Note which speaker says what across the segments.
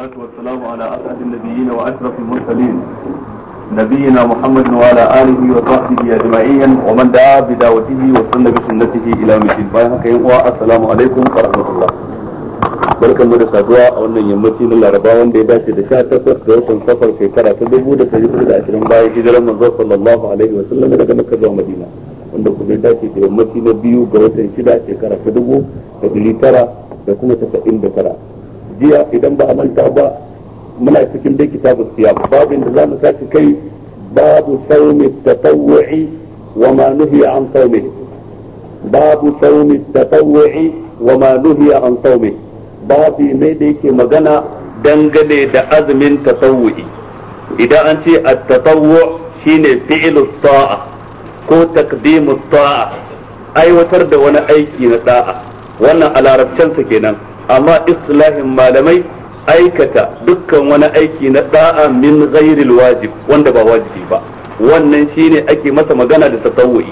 Speaker 1: والصلاة والسلام على أسعد نبينا محمد وعلى وصحبه ومن دعا بدعوته وسن بسنته مثل السلام عليكم الله barkan mu da saduwa a wannan yammaci na laraba wanda ya dace da 18 ga watan safar shekara ta 1420 bayan hijirar manzo sallallahu alaihi wa sallam daga makka zuwa madina wanda kuma ya dace da yammaci na biyu ga watan shida shekara ta 1900 jiya idan ba a manta ba muna cikin dai kitabu siyam babu inda zamu sake kai babu saumi wa ma nuhiya an saumihi babu saumi tatawwu'i wa ma an saumihi babu ne da yake magana dangane da azumin tatawwu'i idan an ce at-tatawwu shine fi'lu ta'a ko taqdimu ta'a aiwatar da wani aiki na da'a wannan a larabcansa kenan amma islahin malamai aikata dukkan wani aiki na da'a min ghairil wajib wanda ba wajibi ba wannan shine ake masa magana da tasawwi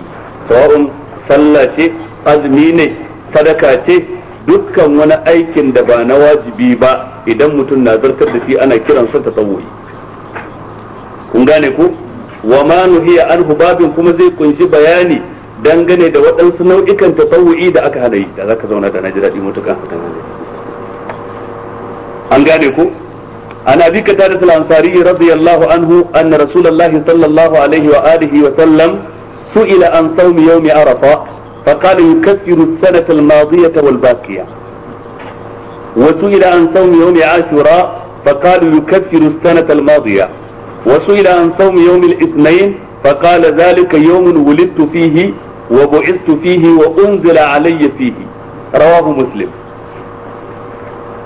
Speaker 1: sawa'un sallah ce azumi ne sadaka ce dukkan wani aikin da ba na wajibi ba idan mutum na zartar da shi ana kiran kiransa tasawwi kun gane ko wa ma nuhiya anhu babin kuma zai kunshi bayani dangane da waɗansu nau'ikan tasawwi da aka hana yi da zaka zauna da na ji daɗi mutukan an gane ko an abi qatada al-ansari radiyallahu anhu anna rasulullahi sallallahu alaihi wa alihi wa sallam su'ila an sawmi yawm arafa فقال يكفر السنة الماضية والباقية وسئل عن صوم يوم عاشوراء فقال يكفر السنة الماضية وسئل عن صوم يوم الاثنين فقال ذلك يوم ولدت فيه وبعثت فيه وأنزل علي فيه رواه مسلم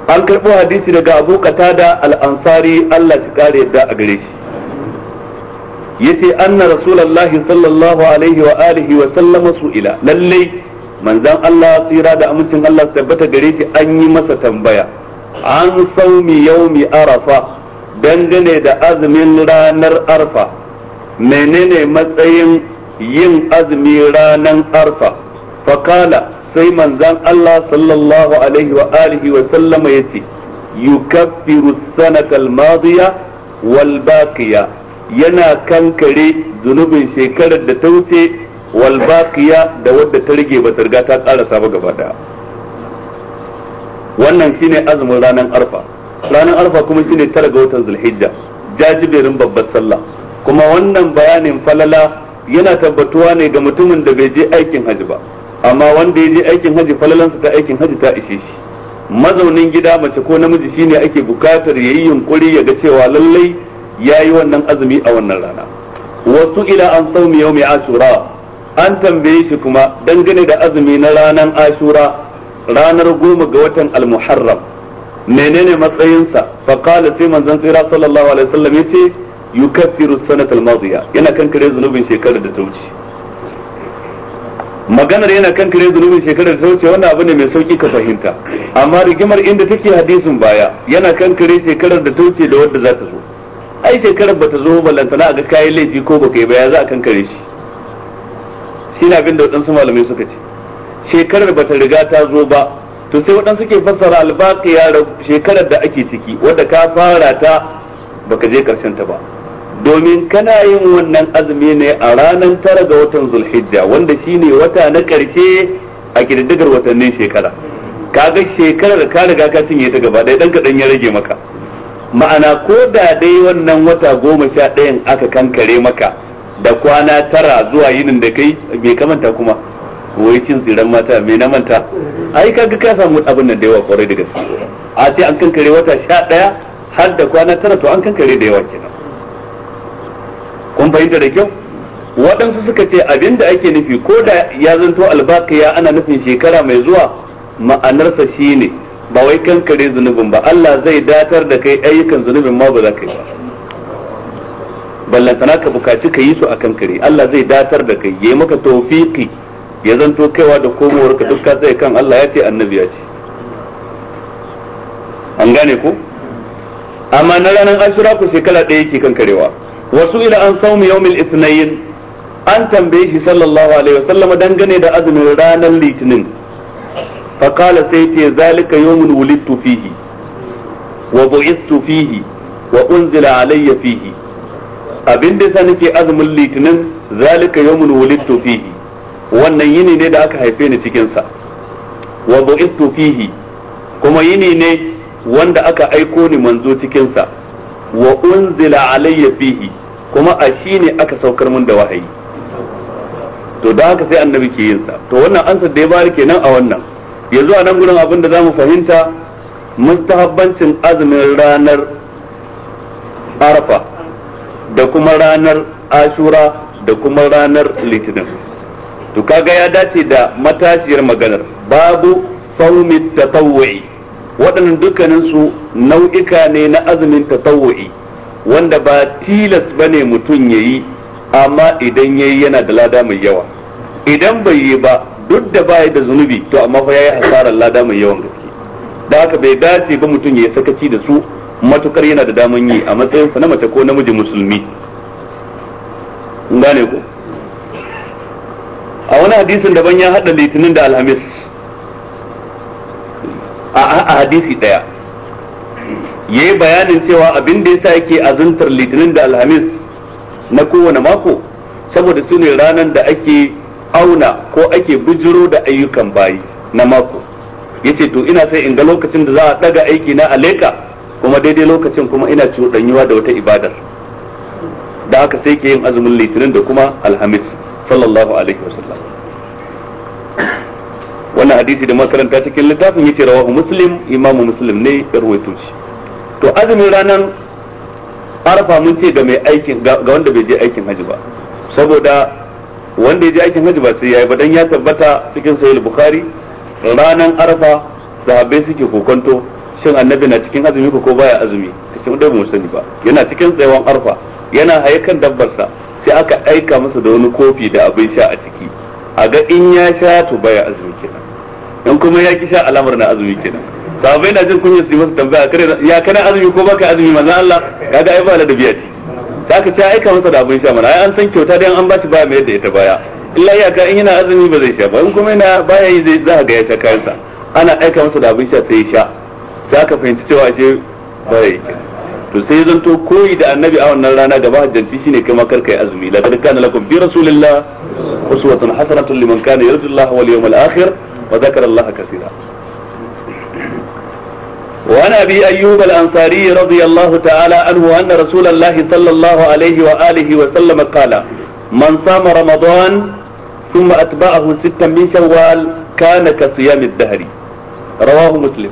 Speaker 1: an karɓo hadisi daga abu da al-ansari Allah shi kare yadda a gare shi yace anna rasulullahi sallallahu alaihi wa alihi wa sallama ila lalle manzon Allah tsira da amincin Allah tabbata gare shi an yi masa tambaya an saumi yaumi arafa dangane da azumin ranar arfa menene matsayin yin azumi ranar arfa fakala sai manzan Allah sallallahu alaihi wa alihi wa sallama yace yukaffiru sanata madiya wal baqiya yana kankare zunubin shekarar da ta wuce wal baqiya da wadda ta rige ba ta ta karasa ba gaba daya wannan shine azumin ranar arfa ranar arfa kuma shine tara ga watan zulhijja jajibirin babbar sallah kuma wannan bayanin falala yana tabbatuwa ne ga mutumin da bai je aikin hajji ba amma wanda ya je aikin haji falalansa ta aikin haji ta ishe shi mazaunin gida mace ko namiji shine ake bukatar yayi yunkuri ya ga cewa lallai ya yi wannan azumi a wannan rana wasu ila an saumi mai ashura an tambaye shi kuma dangane da azumi na ranar ashura ranar goma ga watan almuharram menene matsayinsa fa sai manzon tsira sallallahu alaihi wasallam ce yukaffiru sanatul madiya yana kankare zunubin shekarar da ta wuce maganar yana kan kare zunubin shekarar ta wuce wannan abu ne mai sauki ka fahimta amma rigimar inda take hadisin baya yana kan kare shekarar da ta wuce da wadda za ta zo ai shekarar bata zo lantana, a ga kayan laifi ko baka yi ba ya za a kan kare shi shine abin da waɗansu malamai suka ce shekarar bata riga ta zo ba to sai waɗansu ke fassara albaqiya shekarar da ake ciki wadda ka fara ta baka je karshen ta ba domin kana yin wannan azumi ne a ranar tara ga watan zulhijja wanda shine wata na karshe a kididdigar watannin shekara kaga shekarar ka riga ka cinye ta gaba ɗaya dan kaɗan ya rage maka ma'ana ko da dai wannan wata goma sha ɗayan aka kankare maka da kwana tara zuwa yinin da kai ka kamanta kuma wai cin tsiran mata mai na manta ai kaga ka samu abin nan da yawa kwarai da gaske a ce an kankare wata sha ɗaya har da kwana tara to an kankare da yawa kenan kun fahimta da kyau waɗansu suka ce abinda ake nufi ko da ya zanto ya ana nufin shekara mai zuwa ma'anarsa shine ba wai kankare zunubin ba Allah zai datar da kai ayyukan zunubin ma ba za ka yi ballantana ka bukaci ka yi su a kankare Allah zai datar da kai ya yi maka tawfiki ya zanto kaiwa da komowar ka duk ka kan Allah ya ce annabi ya ce an gane ko amma na ranar ashura ku shekara ɗaya ke kankarewa wasu ila an saumi yaumin ithnain an tambaye shi sallallahu alaihi wasallam dangane da azumin ranar litinin fa sai ce zalika yawmun wulidtu fihi wa bu'istu fihi wa unzila alayya fihi abin da yasa nake azumin litinin zalika fihi wannan yini ne da aka haife ni cikinsa wa bu'istu fihi kuma yini ne wanda aka aiko ni manzo cikinsa wa unzila alayya fihi kuma a shi ne aka saukar mun da wahayi to da haka sai annabi ke yin sa to wannan ansa da ya bari kenan a wannan yanzu a nan gurin abin da zamu fahimta mustahabbancin azumin ranar arfa da kuma ranar ashura da kuma ranar litinin to kaga ya dace da matashiyar maganar babu saumi tatawwi waɗannan dukkaninsu nau'ika ne na azumin tatawwi wanda ba tilas bane mutum yayi amma idan yayi yana da lada mai yawa idan bai yi ba duk da baya da zunubi to amma fa yayi hasarar lada mai yawan gaske da haka bai dace ba mutum yayi sakaci da su matukar yana da daman yi a matsayin sa na mace ko namiji musulmi gane ku a wani hadisin daban ya hada litinin da alhamis a hadisi daya yi bayanin cewa abin da yasa yake azuntar litinin da alhamis na kowane mako saboda su ne ranar da ake auna ko ake bijiro da ayyukan bayi na mako yace to ina sai in ga lokacin da za a daga aiki na aleka kuma daidai lokacin kuma ina cuɗanyuwa da wata ibadar da aka sai ke yin azumin litinin da kuma alhamis sallallahu alaihi wasallam wannan hadisi da makaranta cikin littafin yace rawahu muslim imamu muslim ne ya rawaito shi to azumin ranar arfa mun ce ga mai aikin ga wanda bai je aikin haji ba saboda wanda ya je aikin haji ba sai yayi ba dan ya tabbata cikin sahih bukhari ranar arafa sahabbai suke kokonto shin annabi na cikin azumi ko baya azumi kace mu mu sani ba yana cikin tsayawan arfa yana haikan dabbarsa sai aka aika masa da wani kofi da abin sha a ciki a ga in ya sha to baya azumi kenan in kuma ya ki sha alamar na azumi kenan sahabbai na jin kunya su yi masa tambaya kare ya kana azumi ko baka azumi manzon Allah kaga ai ba ladabi ce ta ka ce aika masa da abin sha mana ai an san kyauta dai an ba shi baya mai yadda ita baya illa iyaka in yana azumi ba zai sha ba in kuma yana baya yi zai za ga ya sha kansa ana aika masa da abin sha sai ya sha za ka fahimci cewa je baya yi to sai ya zanto koyi da annabi a wannan rana gaba hajjanci shine kai ma karkai azumi laqad kana lakum fi rasulillah uswatun hasanatun liman kana yarju Allah wal yawmal akhir wa dhakara Allah kaseera وعن أبي أيوب الأنصاري رضي الله تعالى عنه أن رسول الله صلى الله عليه وآله وسلم قال من صام رمضان ثم أتبعه ستا من شوال كان كصيام الدهر رواه مسلم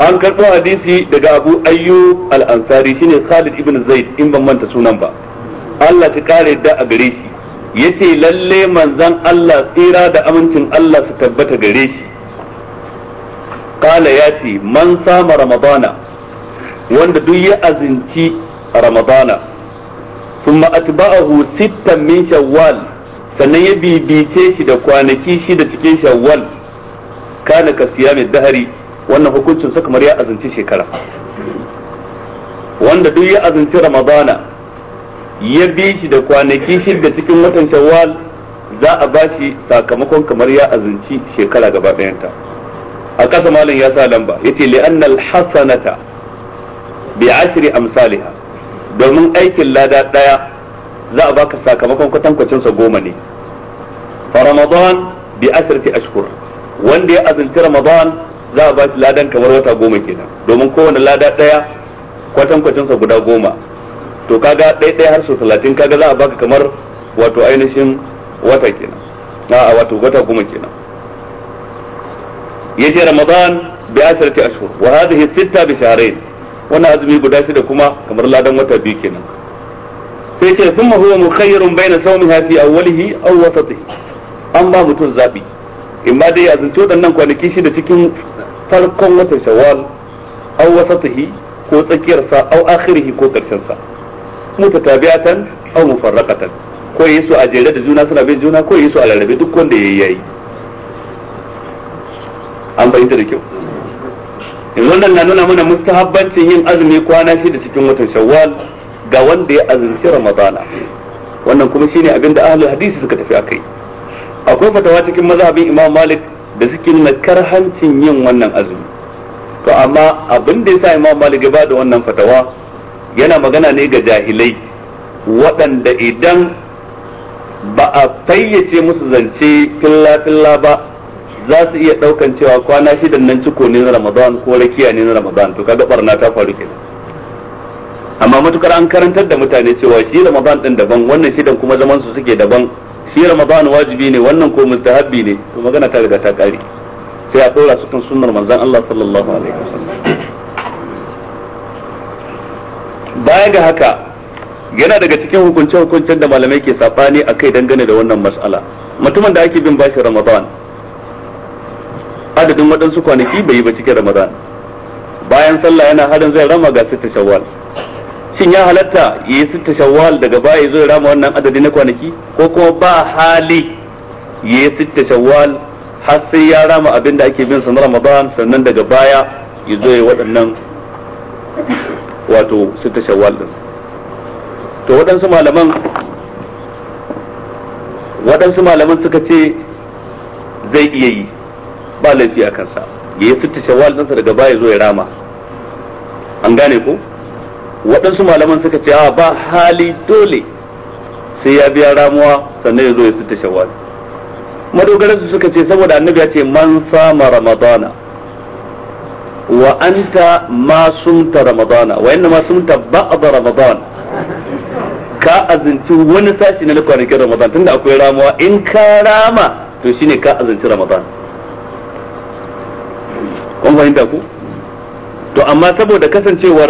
Speaker 1: an karɓo hadisi daga abu ayyub alansari shine khalid ibn zaid in ban manta sunan ba Allah ta kare da a gare shi yace lalle manzon Allah tsira da amincin Allah su tabbata gare shi ya yati man sama ramadana wanda duk ya azinci ramadana thumma a sittan min shawwal sannan ya bibice shi da kwanaki shi da cikin shawwal kana ka siya mai dahari wannan hukuncin sa kamar ya azinci shekara wanda duk ya azinci ramadana ya bi shi da kwanaki da cikin watan shawwal za a ba shi sakamakon kamar ya azinci shekara gaba ɗayanta. ta a kasa malam ya sa lamba yace li annal hasanata bi ashri amsalha domin aikin lada daya za a baka sakamakon kwatankwacin sa goma ne fa ramadan bi asrati ashhur wanda ya azunci ramadan za a ba shi ladan kamar wata goma kenan domin kowane lada daya kwatankwacin sa guda goma to kaga ɗaya ɗaya har sau talatin kaga za a baka kamar wato ainihin wata kenan a wato wata goma kenan yace ramadan bi asrati ashhur wa hadhihi sitta bi shahrayn wannan azumi guda shida kuma kamar ladan wata biyu kenan sai ce thumma huwa mukhayyarun baina sawmiha fi awwalihi aw wasatihi an ba mutum zabi imma dai a zance waɗannan kwanaki shida cikin farkon watan shawwal aw wasatihi ko tsakiyarsa aw akhirihi ko karshen sa mutatabi'atan aw mufarraqatan ko yi su a jere da juna suna bin juna ko yi su a lalabe duk wanda yayi yayi an fahimta da kyau yanzu nan na nuna mana mustahabbancin yin azumi kwana shi da cikin watan shawwal ga wanda ya azumci ramadana wannan kuma shine abinda ahlul hadisi suka tafi akai akwai fatawa cikin mazhabin imam malik da suke nuna karhancin yin wannan azumi to amma abin da yasa imam malik ya bada wannan fatawa yana magana ne ga jahilai waɗanda idan ba a fayyace musu zance filla-filla ba za su iya daukan cewa kwana shidan nan ciko ne na ramadan ko rakiya ne na ramadan to kaga barna ta faru kenan amma matukar an karantar da mutane cewa shi ramadan din daban wannan shidan kuma zaman su suke daban shi ramadan wajibi ne wannan ko mustahabbi ne to magana ta riga ta kare sai a dora su kan sunnar manzon Allah sallallahu alaihi wasallam baya ga haka yana daga cikin hukunce hukuncen da malamai ke sabani akai dangane da wannan mas'ala mutumin da ake bin bashi ramadan adadin waɗansu kwanaki bai yi ba cikin ramadan bayan sallah yana harin zai rama ga sitta shawwal shin ya halatta ya yi sitta shawwal daga baya zai rama wannan adadi na kwanaki ko kuma ba hali ya yi sitta shawwal har sai ya rama abin da ake bin sa na ramadan sannan daga baya ya zo ya waɗannan wato sitta shawwal din to waɗansu malaman waɗansu malaman suka ce zai iya yi ba laifi a kansa ya yi fitta shawal ɗinsa daga baya zo ya rama an gane ko waɗansu malaman suka ce a ba hali dole sai ya biya ramuwa sannan ya zo ya shawal shawwal su suka ce saboda annabi ya ce man sama ramadana wa anta ma sumta ramadana wa inna ma sumta ba ramadan ka azinci wani sashi na kwanakin ramadan tunda akwai ramuwa in ka rama to shine ka azinci ramadan kun fahimta ku to amma saboda kasancewar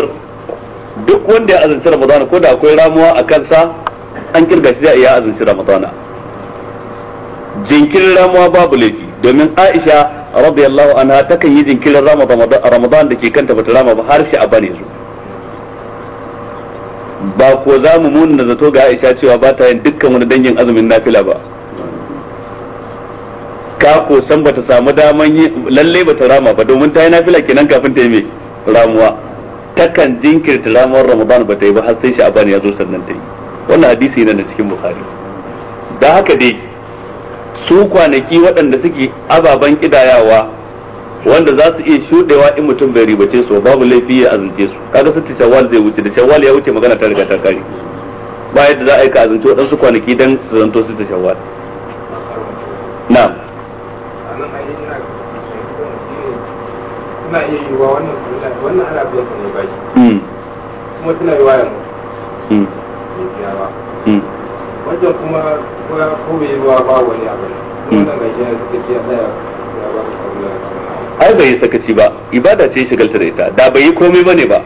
Speaker 1: duk wanda ya azanci ramadana ko da akwai ramuwa a kansa an kirga shi ya azanci ramadana jinkirin ramuwa babu laifi domin aisha radiyallahu anha takan yi jinkirin ramadana da ke kanta bata rama ba har shi a bane su ba ko za mu muna zato ga aisha cewa ba ta yin dukkan wani dangin azumin nafila ba ka ko san bata samu daman yi lalle bata rama ba domin ta yi nafila kenan kafin ta yi mai ramuwa takan jinkirta ramuwar ramadan bata yi ba har sai sha'aban ya zo sannan ta yi wannan hadisi yana da cikin bukhari da haka dai su kwanaki waɗanda suke ababen kidayawa wanda za su iya shuɗewa in mutum bai ribace su babu laifi ya azance su kaga sun shawwal zai wuce da shawwal ya wuce magana ta riga ta kare ba yadda za a yi ka azance waɗansu kwanaki don su zanto su ta shawwal na'am tana iya yiwuwa wannan wannan bai ba hmm. ba wani hmm. ba ai bai yi sakaci ba ibada ce shigalta da ita da bai yi komai ba ne ba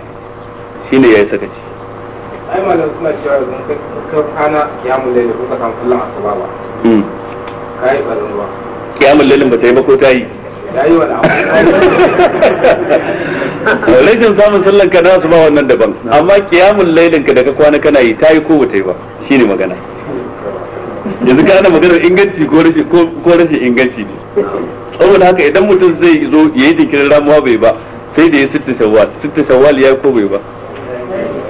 Speaker 1: ya yayi sakaci ai malam suna cewa yanzu ka kana kiyamun lele ko ka kan kullum asuba ba hmm. ba ba kiyamun lele ba ta yi ba ko ta yi rashin samun sallan ka nasu ba wannan daban amma kiyamun lailin ka da ka kwana kana yi ta yi ko bata yi ba ne magana yanzu ka ana maganar inganci ko rashin inganci ne saboda haka idan mutum zai zo yi jinkirin ramuwa bai ba sai da ya sitta shawwal sitta shawwal ya yi ko bai ba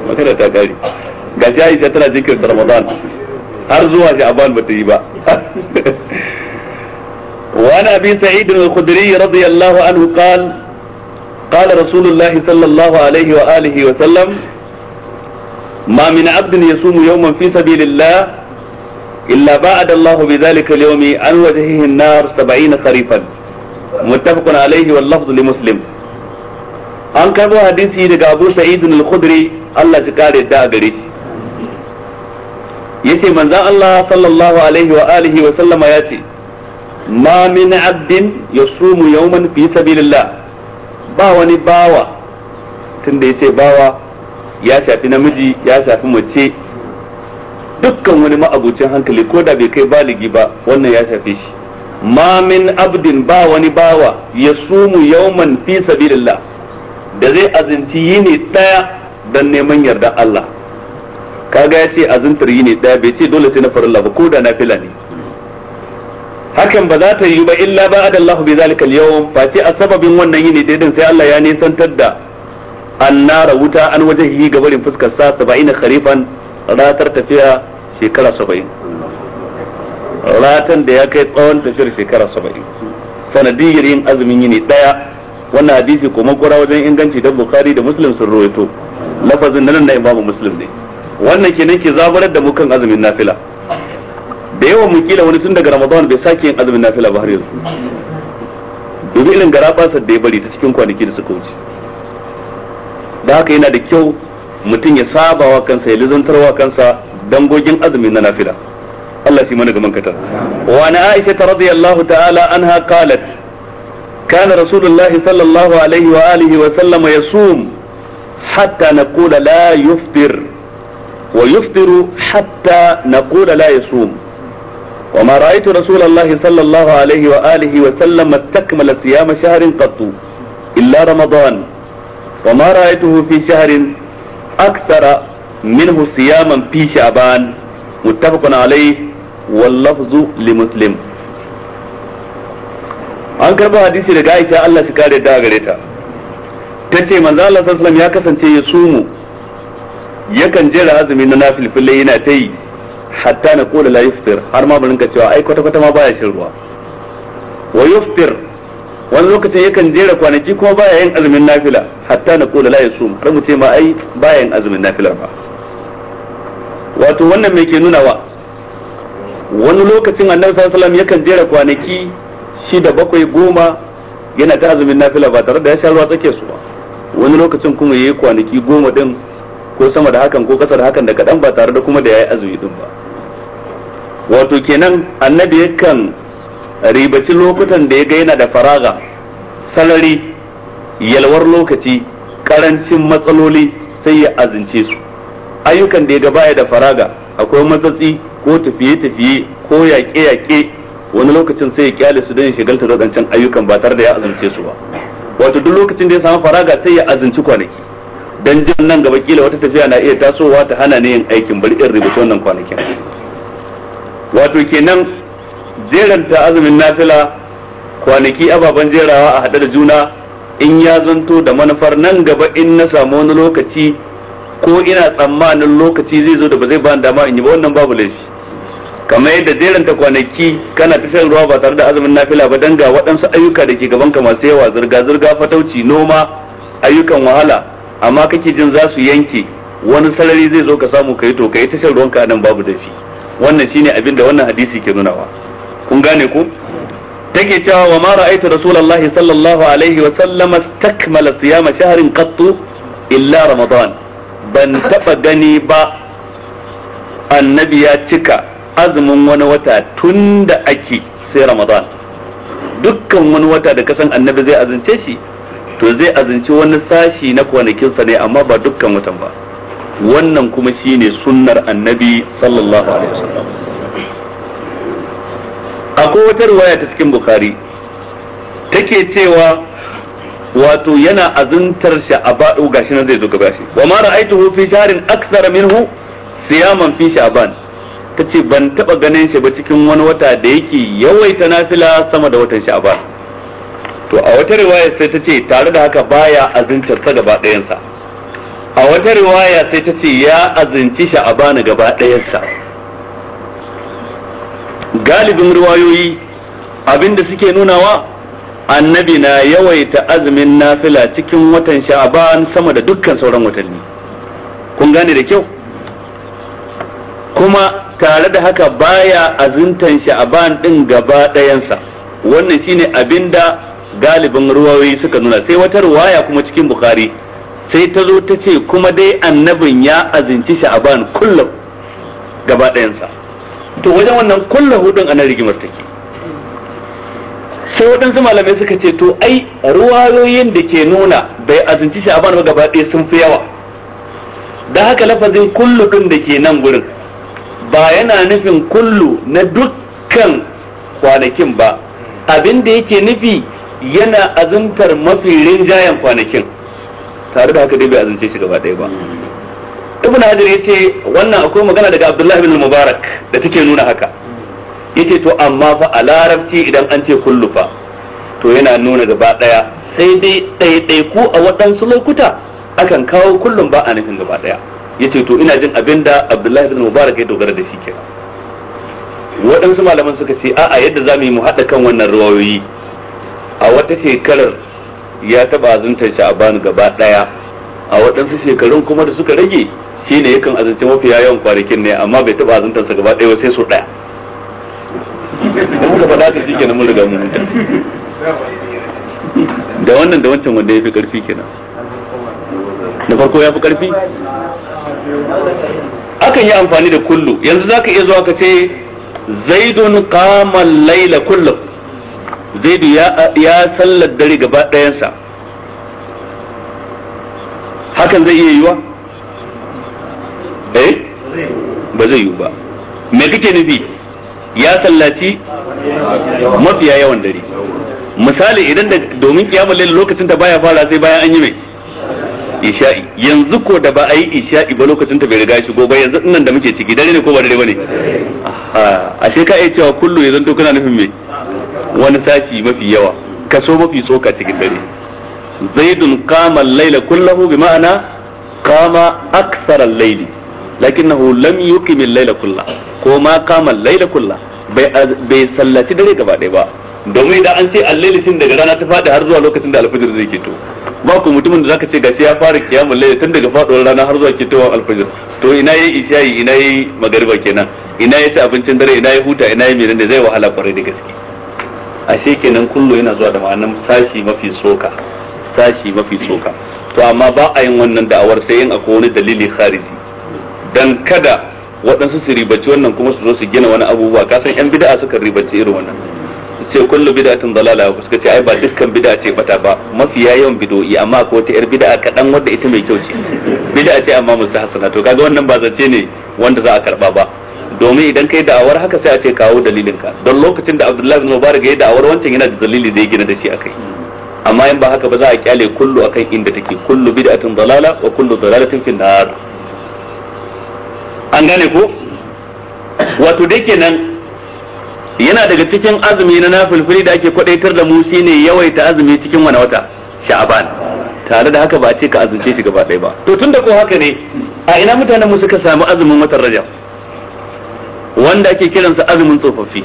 Speaker 1: Makana ta kare gashi Aisha tana jinkirta Ramadan har zuwa Sha'ban bata yi ba وعن أبي سعيد الخدري رضي الله عنه قال قال رسول الله صلى الله عليه وآله وسلم ما من عبد يصوم يوما في سبيل الله إلا بعد الله بذلك اليوم عن وجهه النار سبعين خريفا متفق عليه واللفظ لمسلم an karbo hadisi daga Abu Sa'id al-Khudri Allah shi kare da gare shi yace manzon Allah sallallahu alaihi wa alihi wa sallama yace mamin min abdin yasumu yawman fi sabilillah ba wani bawa tunda yace bawa ya shafi namiji ya shafi mace dukkan wani ma'abucin hankali ko da bai kai baligi ba wannan ya shafe shi ma min abdin ba wani bawa ya sumu yawman fi sabilillah da zai azinci yini daya dan neman yarda Allah kaga ya ce azintar yini daya bai ce dole sai na farilla ba ko da na fila ne hakan ba za ta yi ba illa ba adallahu bi zalika al-yawm fa a sababin wannan yini daidin sai Allah ya nisantar da annara wuta an wajhihi gabarin fuskar sa 70 kharifan ratar tafiya shekara 70 ratan da ya kai tsawon tafiyar shekara 70 sanadiyar yin azumin yini daya wannan hadisi ko makura wajen inganci da bukhari da muslim sun rawaito lafazin nan na imamu muslim ne wannan kenan ke zabarar da mu kan azumin nafila da yawan mun kila wani tun daga ramadan bai sake yin azumin nafila ba har yanzu domin irin garabasar da ya bari ta cikin kwanaki da suka wuce da haka yana da kyau mutum ya saba wa kansa ya lizantar wa kansa dangogin azumin na nafila Allah shi mana gaman katar wa na Aisha ta radiyallahu ta'ala anha qalat kana rasulullah sallallahu alaihi wa alihi wa sallama yasum hatta naqula la yuftir wa yuftiru hatta naqula la yasum وما رأيت رسول الله صلى الله عليه وآله وسلم استكمل صيام شهر قط إلا رمضان وما رأيته في شهر أكثر منه صياما في شعبان متفق عليه واللفظ لمسلم an karba hadisi daga Aisha Allah shi kare da gare ta tace manzo Allah sallallahu alaihi wasallam ya kasance ya sumu yakan jera azumi na nafilfilai yana ta yi hatta na kula la yuftir har ma barin ka cewa ai kwata kwata ma baya shin ruwa wa yuftir wani lokacin yakan jera kwanaki kuma baya yin azumin nafila hatta na kula la yusum har mu ce ma ai baya yin azumin nafilar ba wato wannan me ke nuna wa wani lokacin annabi sallallahu alaihi wasallam yakan jera kwanaki shida bakwai goma yana ta azumin nafila ba tare da ya sha ruwa tsake su ba wani lokacin kuma yayi kwanaki goma din ko sama da hakan ko kasa da hakan da kaɗan ba tare da kuma da ya yi azumi din ba wato kenan annabi yakan ribaci lokutan da ya ga yana da faraga salari yalwar lokaci karancin matsaloli sai ya azince su ayyukan da ya ga baya da faraga akwai matsatsi ko tafiye-tafiye ko yaƙe-yaƙe wani lokacin sai ya kyale su don ya shigalta da ayyukan ba tare da ya azince su ba wato duk lokacin da ya samu faraga sai ya azinci kwanaki dan jin nan gaba kila wata tafiya na iya tasowa ta hana ne yin aikin bari in rubuta wannan kwanakin wato kenan jeranta azumin nafila kwanaki ababen jerawa a haɗe da juna in ya zanto da manufar nan gaba in na samu wani lokaci ko ina tsammanin lokaci zai zo da ba zai ba dama in yi ba wannan babu laifi kamar yadda jeranta kwanaki kana ta shan ruwa ba tare da azumin nafila ba dan ga waɗansu ayyuka da ke gaban ka masu yawa zirga zirga fatauci noma ayyukan wahala amma kake jin za su yanke wani sarari zai zo ka samu kai to kai ta shan ka nan babu dafi wannan shine abin da wannan hadisi ke nunawa kun gane ko take cewa wa ma ra'aytu rasulullahi sallallahu alaihi wa sallam takmala siyama shahrin qattu illa ramadan ban taba gani ba annabi ya cika azumin wani wata tunda ake sai ramadan dukkan wani wata da kasan annabi zai azunce shi to zai azinci wani sashi na kwanakinsa ne amma ba dukkan watan ba wannan kuma shine sunnar annabi sallallahu alaihi wasallam akwai wata riwaya ta cikin bukhari take cewa wato yana azuntar sha'aba gashi na zai zo gaba shi wa ma ra'aituhu fi sharin akthara minhu siyaman fi sha'ban tace ban taba ganin shi ba cikin wani wata da yake yawaita nafila sama da watan sha'ban to a wata riwaya sai ta ce tare da haka baya azintar sa gaba ɗayansa a wata riwaya sai ta ce ya azinci sha'abana gaba ɗayansa galibin riwayoyi abinda suke nunawa annabi na yawaita azumin nafila cikin watan sha'aban sama da dukkan sauran watanni kun gane da kyau kuma tare da haka baya azintan sha'aban din gaba ɗayansa wannan shine abinda galibin ruwayoyi suka nuna sai wata ruwaya kuma cikin bukari sai ta zo ta ce kuma dai annabin ya azinci sha'aban kullum gaba ɗayansa to wajen wannan kullum hudun nan rigimar take sai waɗansu malamai suka ce to ai ruwayoyin da ke nuna bai azinci sha'aban ba gaba ɗaya sun fi yawa da haka lafazin kullu ɗin da ke nan gurin ba yana nufin kullu na dukkan kwanakin ba abin da yake nufi yana azumtar mafi rinjayen kwanakin tare da haka dai bai azumce shi gaba ɗaya ba ibn hajar yace wannan akwai magana daga abdullahi bin mubarak da take nuna haka yace to amma fa a larabci idan an ce kullu fa to yana nuna gaba ɗaya sai dai ɗaiɗaiku a waɗansu lokuta akan kawo kullum ba a nufin gaba ɗaya yace to ina jin abinda abdullahi bin mubarak ya dogara da shi kenan waɗansu malaman suka ce a'a yadda za mu yi mu haɗa kan wannan ruwayoyi a wata shekarar ya taba azuntar sha'aban gaba daya a waɗansu shekarun kuma da suka rage shine yakan azance mafiya yawan kwanakin ne amma bai taba azuntar sa gaba daya sai su daya da muka faɗa ka shike mun riga mun huta da wannan da wancan wanda ya fi ƙarfi kenan da farko ya fi ƙarfi akan yi amfani da kullu yanzu zaka iya zuwa ka ce zaidun qama al-laila kullahu zaidu ya sallar dare gaba ɗayansa hakan zai iya yiwa eh ba zai yiwu ba me kake nufi ya sallaci mafiya yawan dare misali idan da domin kiyamul lail lokacin ta baya fara sai bayan an yi mai isha'i yanzu ko da ba a yi isha'i ba lokacin ta bai riga shigo ba yanzu nan da muke ciki dare ne ko ba dare ba ne a ka iya cewa kullu ya zanto kana nufin me wani sashi mafi yawa kaso mafi tsoka cikin dare zaidun kama laila kullahu bi ma'ana kama akthar al-layli lakinnahu lam yuqim al-layla kullahu ko ma kama al-layla kullahu bai sallaci dare gaba ɗaya ba domin idan an ce al-layli tun daga rana ta fadi har zuwa lokacin da al-fajr zai keto ba ku mutumin da zaka ce gashi ya fara kiyamul layli tun daga faduwar rana har zuwa ketowar al-fajr to ina yayi isha'i ina yayi magariba kenan ina yayi abincin dare ina yayi huta ina yayi menene zai wahala kwarai da gaske ashe kenan kullu yana zuwa da ma'anar sashi mafi soka sashi mafi soka to amma ba a yin wannan da'awar sai yin akwai wani dalili khariji dan kada waɗansu su ribaci wannan kuma su zo su gina wani abubuwa kasan yan bid'a suka ribaci irin wannan ce kullu bid'atin dalala ya kuska ce ai ba dukkan bid'a ce bata ba mafi yawan bid'o'i amma ko ta yar bid'a kaɗan wanda ita mai kyau ce bid'a ce amma hassana to kaga wannan ba zance ne wanda za a karɓa ba domin idan kai da'awar haka sai a ce kawo dalilin ka don lokacin da Abdullahi bin Mubarak ya yi da'awar wancan yana da dalili da ya gina da shi akai amma in ba haka ba za a kyale kullu akan inda take kullu bid'atin dalala wa kullu dalalatin fi nar an gane ko wato dai kenan yana daga cikin azumi na nafilfili da ake kwadaitar da mu shine yawaita azumi cikin wani wata sha'aban tare da haka ba a ce ka azumce shi gaba ɗaya ba to tunda ko haka ne a ina mutanen mu suka samu azumin watan rajab wanda ake kiransa azumin tsofaffi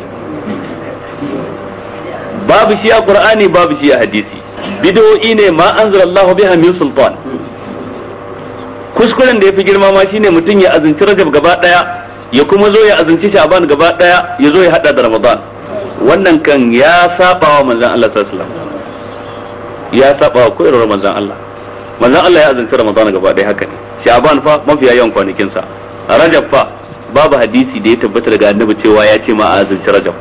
Speaker 1: babu shi a qur'ani babu shi a hadisi bid'o'i ne ma anzalallahu biha min sultan kuskuren da yafi girma ma shine mutum ya azunci rajab gaba daya ya kuma zo ya azunci sha'ban gaba daya ya zo ya hada da ramadan wannan kan ya saba wa manzon Allah sallallahu alaihi wasallam ya saba wa irin ramadan Allah manzon Allah ya azunci ramadan gaba daya haka ne sha'ban fa mafiya yawan kwanakin sa rajab fa babu hadisi da ya tabbata daga annabi cewa ya ce ma a azumci rajab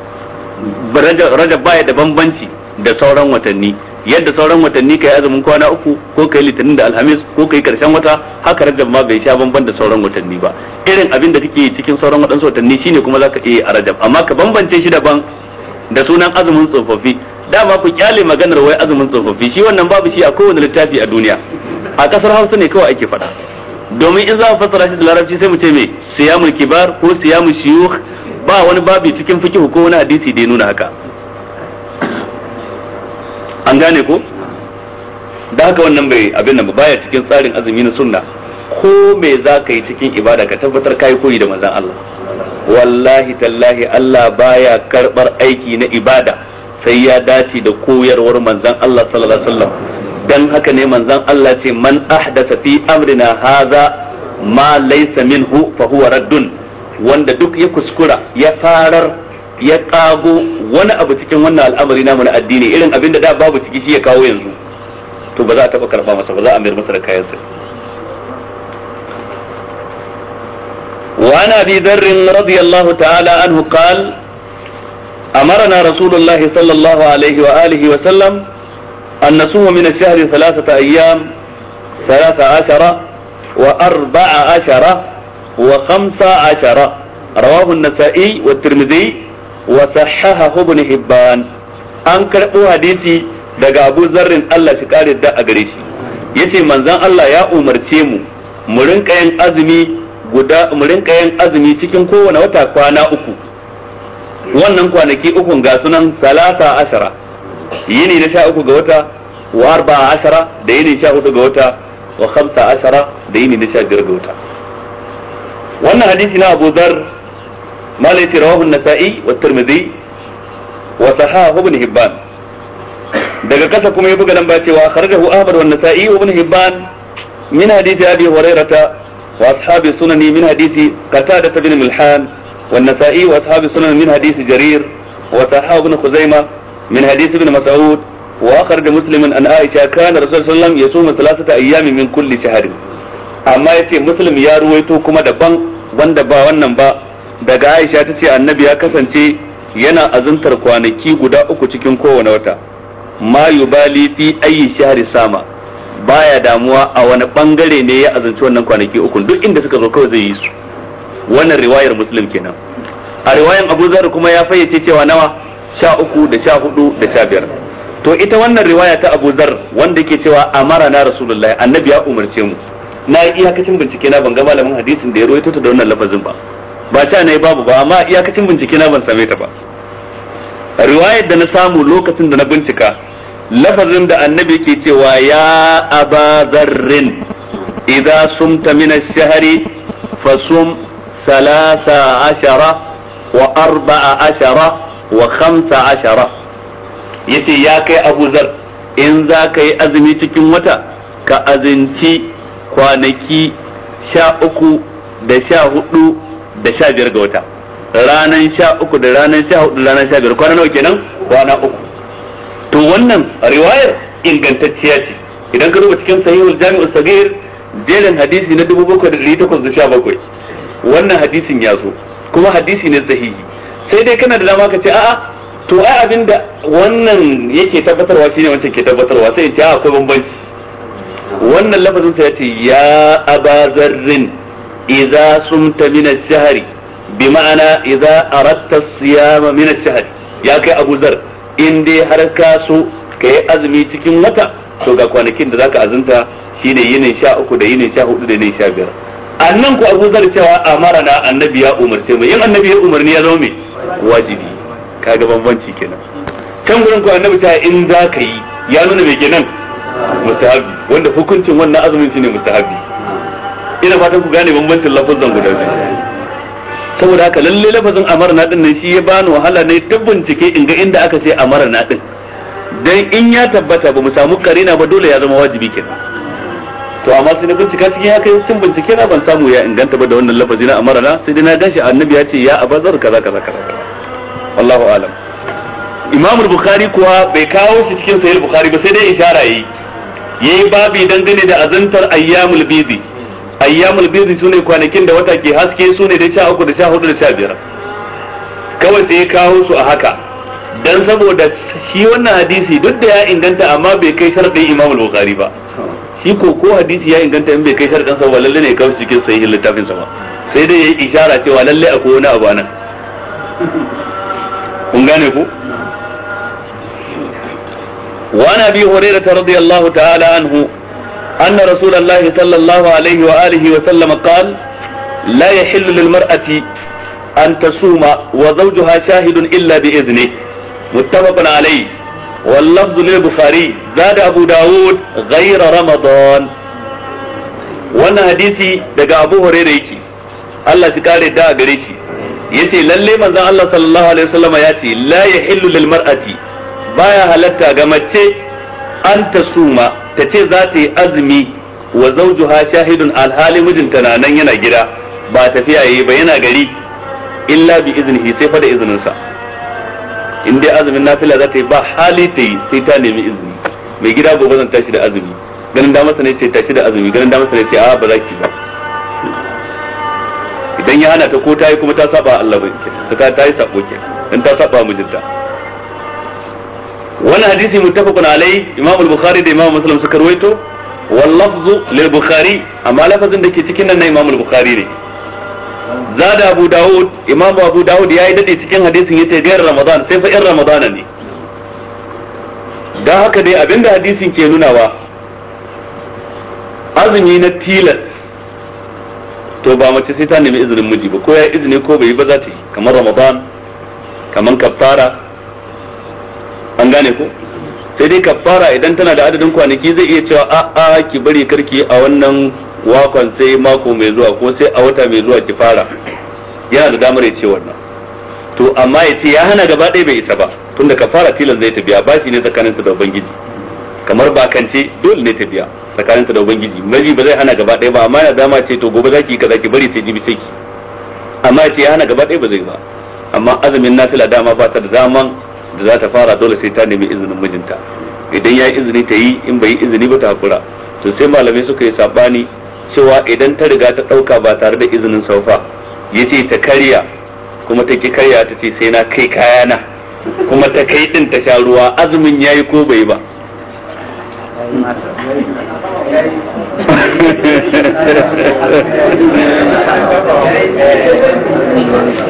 Speaker 1: rajab baya da bambanci da sauran watanni yadda sauran watanni kai azumin kwana uku ko kai litinin da alhamis ko kai karshen wata haka rajab ma bai sha bamban da sauran watanni ba irin abin da kake cikin sauran waɗansu watanni shine kuma zaka iya a rajab amma ka bambance shi daban da sunan azumin tsofaffi dama ku kyale maganar wai azumin tsofaffi shi wannan babu shi a kowane littafi a duniya a kasar hausa ne kawai ake faɗa domin in za mu fassara shi da larabci sai mu ce me siyamul kibar ko siyamul shuyukh ba wani babi cikin fikihu ko wani hadisi da ya nuna haka an gane ko da haka wannan bai abin nan baya cikin tsarin azumi na sunna ko me za ka yi cikin ibada ka tabbatar kai koyi da manzon Allah wallahi tallahi Allah baya karbar aiki na ibada sai ya dace da koyarwar manzon Allah sallallahu alaihi wasallam dan haka ne manzon Allah ce man ahdasa fi amrina hadha ma laysa minhu fa huwa raddun wanda duk ya kuskura ya farar ya kago wani abu cikin wannan al'amari namu na addini irin abin da da babu ciki shi ya kawo yanzu to ba za a taba karfa masa ba za a mayar masa da kayan sa وعن ابي ذر رضي الله تعالى عنه قال امرنا رسول الله صلى الله عليه واله وسلم أن نصوم من الشهر ثلاثة أيام ثلاثة عشرة وأربع عشرة وخمسة عشرة رواه النسائي والترمذي وصححه ابن حبان أنكر حديثي دقى أبو Zarrin الله شكال kare da يتي gare shi yace manzon Allah ya umarce mu mu guda mu rinka yin azumi cikin kowane wata kwana uku wannan kwanaki ukun ga sunan salata ashara yini na sha uku ga wata wa arba'a ashara da yini sha hudu ga wata wa khamsa ashara da yini na sha biyar ga wata wannan hadisi na Abu Dharr malai rawahu an-Nasa'i wa Tirmidhi wa sahahu ibn Hibban daga kasa kuma ya buga nan ba cewa kharajahu Ahmad wa an-Nasa'i wa ibn Hibban min hadisi Abi Hurairah wa ashabi sunani min hadisi Qatadah ibn Milhan Wa wa والنسائي واصحاب السنن من حديث جرير وصحاب ابن خزيمه min ابن مسعود واخر مسلم ان da كان رسول aisha kana الله عليه ya يصوم ثلاثه ايام من كل شهر amma يتي muslim ya ruwaito kuma daban wanda ba wannan ba daga aisha tace annabi ya kasance yana azuntar kwanaki guda uku cikin kowane wata ma yubali fi ayi shahri sama baya damuwa a wani bangare ne ya azanci wannan kwanaki uku duk inda suka zo kawai zai yi su wannan riwayar muslim kenan a riwayar abu zar kuma ya fayyace cewa nawa sha uku da sha hudu da sha biyar to ita wannan riwaya ta Abu Zar wanda yake cewa amara na Rasulullahi annabi ya umarce mu na yi iyakacin bincike na ban ga malamin hadisin da ya rawaito ta da wannan lafazin ba ba ta ne babu ba amma iyakacin bincike na ban same ta ba riwayar da na samu lokacin da na bincika lafazin da annabi ke cewa ya aba zarrin idza sumta min ash-shahri fasum salasa ashara wa arba'a ashara wa khamsa ashara yace ya kai Abu Zar in za ka yi azumi cikin wata ka azinci kwanaki sha uku da sha hudu da sha biyar ga wata ranan sha uku da ranan sha hudu ranan sha biyar kwana nawa kenan kwana uku to wannan riwayar ingantacciya ce idan ka duba cikin sahihul jami'u sagir jerin hadisi na 7817 wannan hadisin ya zo kuma hadisi ne sahihi sai dai kana da dama ka ce a'a to ai abin da wannan yake tabbatarwa shine wancan ke tabbatarwa sai ya ce a'a akwai bambanci wannan lafazin sa yace ya abazarrin idza sumta min ash shahr bi ma'ana idza aradta as siyam min ash-shahr ya kai Abu Zar in dai har ka so kai azumi cikin wata to ga kwanakin da zaka azunta shine yinin 13 da yinin 14 da yinin 15 annan ku Abu Zar cewa na annabi ya umarce mu yin annabi ya umarni ya zama mai wajibi kaga bambanci kenan can gurin ku annabi ta in za ka yi ya nuna mai kenan mustahabi wanda hukuncin wannan azumin shine mustahabi ina fatan ku gane bambancin lafazan guda biyu saboda haka lalle lafazin na din nan shi ya bani wahala ne ta bincike in ga inda aka ce na din dan in ya tabbata ba mu samu karina ba dole ya zama wajibi kenan to amma sai na bincika cikin haka cin bincike na ban samu ya inganta ba da wannan lafazi na amara na sai dai na gashi annabi ya ce ya abazar kaza kaza kaza Allahu alam imam bukhari kuwa bai kawo shi cikin sahih bukhari ba sai dai ishara yi yayi babi dangane da azantar ayyamul bidi ayyamul bidi sune kwanakin da wata ke haske sune da 13 da 14 da 15 kawai sai ya kawo su a haka dan saboda shi wannan hadisi duk da ya inganta amma bai kai sharadin imam bukhari ba shi ko ko hadisi ya inganta in bai kai sharɗin sa ba lalle ne kawai cikin sai yin littafin sa ba sai dai yayi ishara cewa lalle akwai wani abu anan kun gane ku wa nabi hurairah radiyallahu ta'ala anhu anna rasulullahi sallallahu alaihi wa alihi wa sallam qal la yahillu lil mar'ati an tasuma wa zawjuha shahidun illa bi idni muttafaqun alaihi واللفظ للبخاري زاد Abu Dawud gaira رمضان wannan hadisi daga abu hurairah yake Allah shi kare da gare shi yace lallai manzon Allah sallallahu alaihi wasallam ya ce la yahillu lil mar'ati baya halatta ga mace an ta suma ta ce za ta yi azumi wa zawjuha shahidun alhali mijinta na nan yana gida ba tafiya yayi ba yana gari illa bi iznihi sai fa da izinin in dai azumin nafila za ta yi ba hali ta yi sai ta nemi izini mai gida gobe zan tashi da azumi ganin da masa ne ce tashi da azumi ganin da masa ne ce a ba za ki ba idan ya hana ta ko ta yi kuma ta saba Allah ba ke ta ta yi sabo ke in ta saba mijinta wannan hadisi muttafaqun alai imam al-bukhari da imam muslim suka rawaito wal lafzu lil bukhari amma lafazin da ke cikin nan na imam al-bukhari ne zada abu daud imam abu daud ya yi dade cikin hadisin yace gairar ramadan sai fa in ramadana ne dan haka dai abinda hadisin ke nunawa azumi na tilas to ba mace sai ta nemi izinin miji ba ko ya izini ko bai yi ba zati ta kamar ramadan kamar kaffara. an gane ko sai dai kaffara idan tana da adadin kwanaki zai iya cewa a'a ki bari karki a wannan wakon sai mako mai zuwa ko sai a wata mai zuwa ki fara yana da damar ya ce wannan to amma ya ce ya hana gaba ɗaya bai isa ba tunda ka fara tilan zai tafiya ba shi ne tsakaninsa da ubangiji kamar ba kan ce dole ne tafiya tsakaninsa da ubangiji miji ba zai hana gaba ɗaya ba amma yana dama ce to gobe zaki kaza ki bari sai jibi sai ki amma ya ce ya hana gaba ɗaya ba zai ba amma azumin fila dama ba ta da daman da za ta fara dole sai ta nemi izinin mijinta idan ya yi izini ta yi in bai yi izini ba ta hakura to sai malamai suka yi sabani cewa idan ta riga ta ɗauka ba tare da izinin saufa ya ce ta karya kuma ta ki karya ta ce sai na kai kayana kuma ta kai ɗin ta sha ruwa azumin ya yi ko bai ba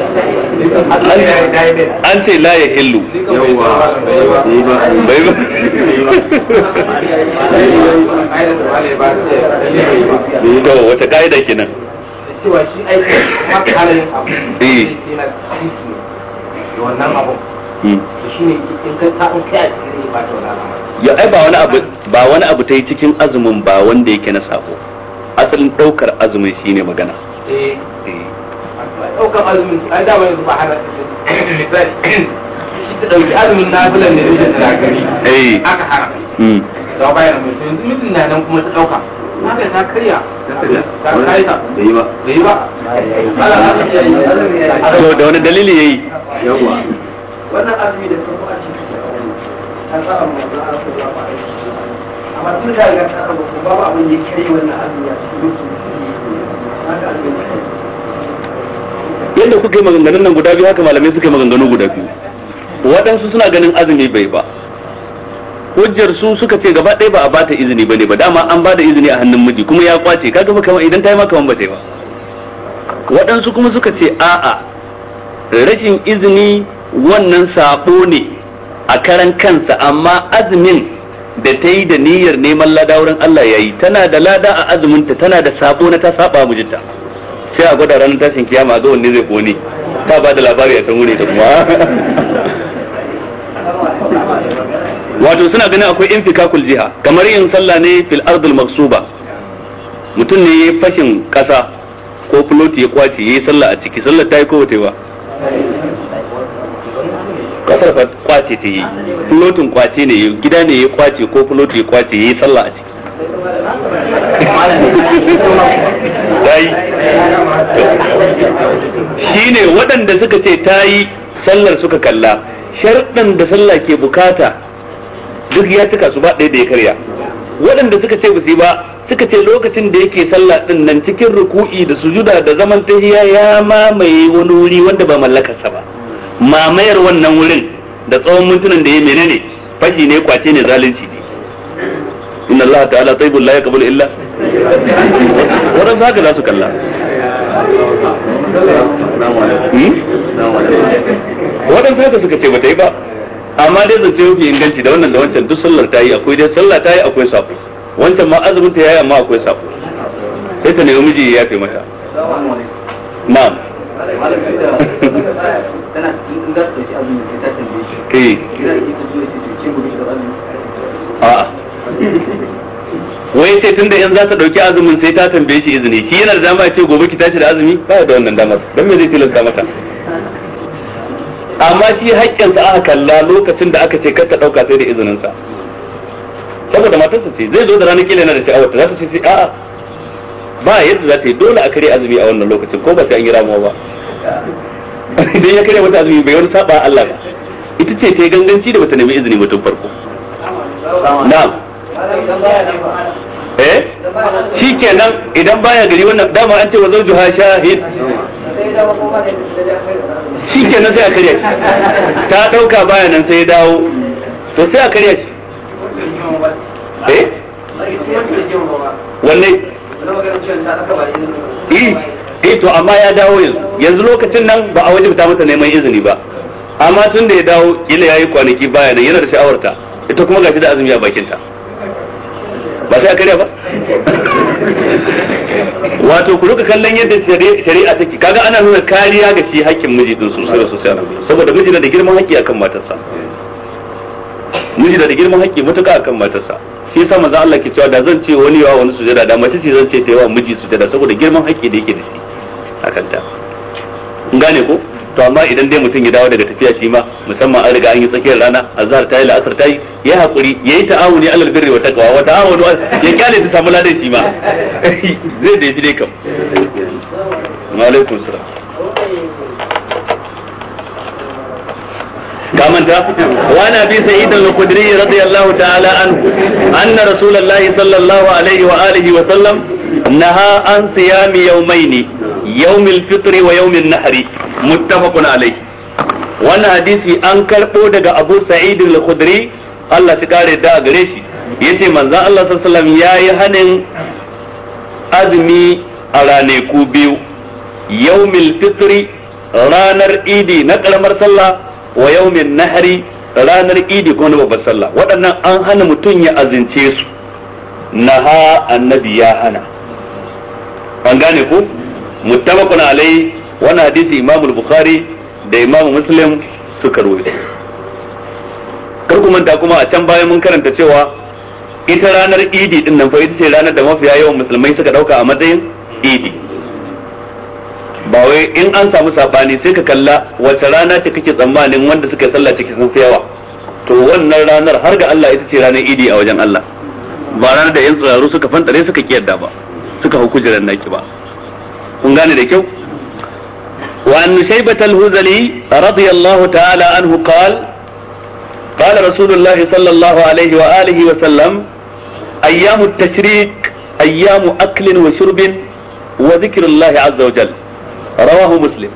Speaker 1: an ce la ya hillu bai ba to wata ka'ida kenan eh. ya ai ba wani abu ba wani abu ta yi cikin azumin ba wanda yake na sako asalin daukar azumin shine magana eh, eh. ɗaukar azumin su dama yanzu ba hana misali shi ta ɗauki azumin da gari aka eh. hmm. yanzu mutum na nan kuma ta ɗauka haka ta karya ta karya ta wani dalili yayi a ta yadda kuka yi maganganun nan guda biyu haka malamai suka yi maganganu guda biyu waɗansu suna ganin azumi bai ba hujjar su suka ce gaba ɗaya ba a bata izini bane ba dama an bada izini a hannun miji kuma ya kwace kaga ba kamar idan ta yi maka wani ba ta ba waɗansu kuma suka ce a'a rashin izini wannan sabo ne a karan kansa amma azumin da ta yi da niyyar neman lada Allah ya yi tana da lada a azuminta tana da sabo na ta saba mijinta sai a gwada ranar tashin kiyama ga ne zai kone ta ba da labari a kan wuri ta kuma wato suna ganin akwai infikakul jiha kamar yin sallah ne fil ardul maksuba mutum ne ya fashin kasa ko floti ya kwace yayi sallah a ciki sallar ta yi ko wata ba kasar kwace ta yi flotin kwace ne gida ne ya kwace ko floti ya kwace yayi sallah a ciki shi ne waɗanda suka ce ta yi sallar suka kalla sharɗan da sallah ke bukata duk ya cika su ba ɗaya da ya karya waɗanda suka ce ba su ba suka ce lokacin da yake sallah ɗin nan cikin ruku'i da sujuda da zaman tahiya ya mamaye wani wuri wanda ba mallakarsa ba mamayar wannan wurin da tsawon mintunan da ya menene fashi ne kwace ne zalunci inna Allah ta'ala tayyibun la yaqbalu illa wannan zaka za su kalla hmm? wadan sai suka ce bata yi ba amma dai zance mafi inganci da wannan da wancan duk sallar ta yi akwai dai sallah ta yi akwai sako wancan ma azumin ta yayi amma akwai sako sai ta nemi miji ya yafe mata na'am da in za ta dauki azumin sai ta tambaye shi izini shi yana da dama ce gobe ki tashi da azumi ba da wannan damar don me zai tilasta mata amma shi sa aka kalla lokacin da aka ce kar ta dauka sai da izinin sa saboda matarsa ce zai zo da ranar kila yana da sha'awar za ta ce a'a ba yadda za ta yi dole a kare azumi a wannan lokacin ko ba sai an yi ramuwa ba idan ya kare mata azumi bai wani saba Allah ba ita ce ta yi ganganci da bata nemi izini ba tun farko na'am eh shi idan baya gari wannan dama an ce wa zauju ha shahid shi kenan sai a karya ta dauka baya nan sai ya dawo to sai a karya shi eh wanne eh, eh to amma ya dawo yanzu yanzu lokacin nan ba a wajibta masa neman izini ba amma tun da ya dawo kila yayi kwanaki baya nan yana da sha'awarta ita kuma gashi da azumi a bakinta ba sai a karya ba wato ku ruka kallon yadda shari'a take kaga ana nuna kariya ga shi hakkin miji din sosai da sosai saboda miji na da girman haƙƙi akan matarsa miji da girman haƙƙi mutuka akan matarsa shi yasa manzo Allah ke cewa da zan ce wani yawa wani sujada da mace ce zan ce ta yawa miji sujada saboda girman haƙƙi da yake da shi akan ta gane ko to amma idan dai mutum ya dawo daga tafiya shi ma musamman an riga an yi tsakiyar rana azhar tayi la'asar tayi ya hakuri yayi ta'awuni alal birri wa taqwa wa ta'awunu ya ƙyale ta samu ladan shi ma zai da shi dai kam wa alaikum ka manta wa na bi sa'id al-khudri radiyallahu ta'ala an anna rasulullahi sallallahu alaihi wa alihi wa sallam naha an siyami yawmaini yawm al-fitr wa yawm an-nahr muttafaqun alaihi wannan hadisi an karbo daga Abu Sa'id al-Khudri Allah ya kare da gare shi yace manzo Allah sallallahu alaihi wasallam yayi hanin azumi a raneku biyu yawmil fitri ranar idi na karamar sallah wa yaumin nahri ranar idi ko na babbar sallah waɗannan an hana mutum ya azince su naha annabi ya hana an gane ku muttabaqun alai wani hadisi imamu bukhari da imamu muslim suka rawaito kar ku manta kuma a can bayan mun karanta cewa ita ranar idi din nan fa ita ce ranar da mafiya yawan musulmai suka dauka a matsayin idi ba wai in an samu sabani sai ka kalla wace rana ce kake tsammanin wanda suka sallah ciki sun fi to wannan ranar har ga Allah ita ce ranar idi a wajen Allah ba ranar da yan tsiraru suka fantare suka kiyarda ba suka hau kujerar naki ba kun gane da kyau wa an shaybat ta'ala huzali radiyallahu ta'ala anhu قال قال رسول الله صلى الله عليه وآله وسلم أيام التشريك أيام أكل وشرب وذكر الله عز وجل rawahu muslim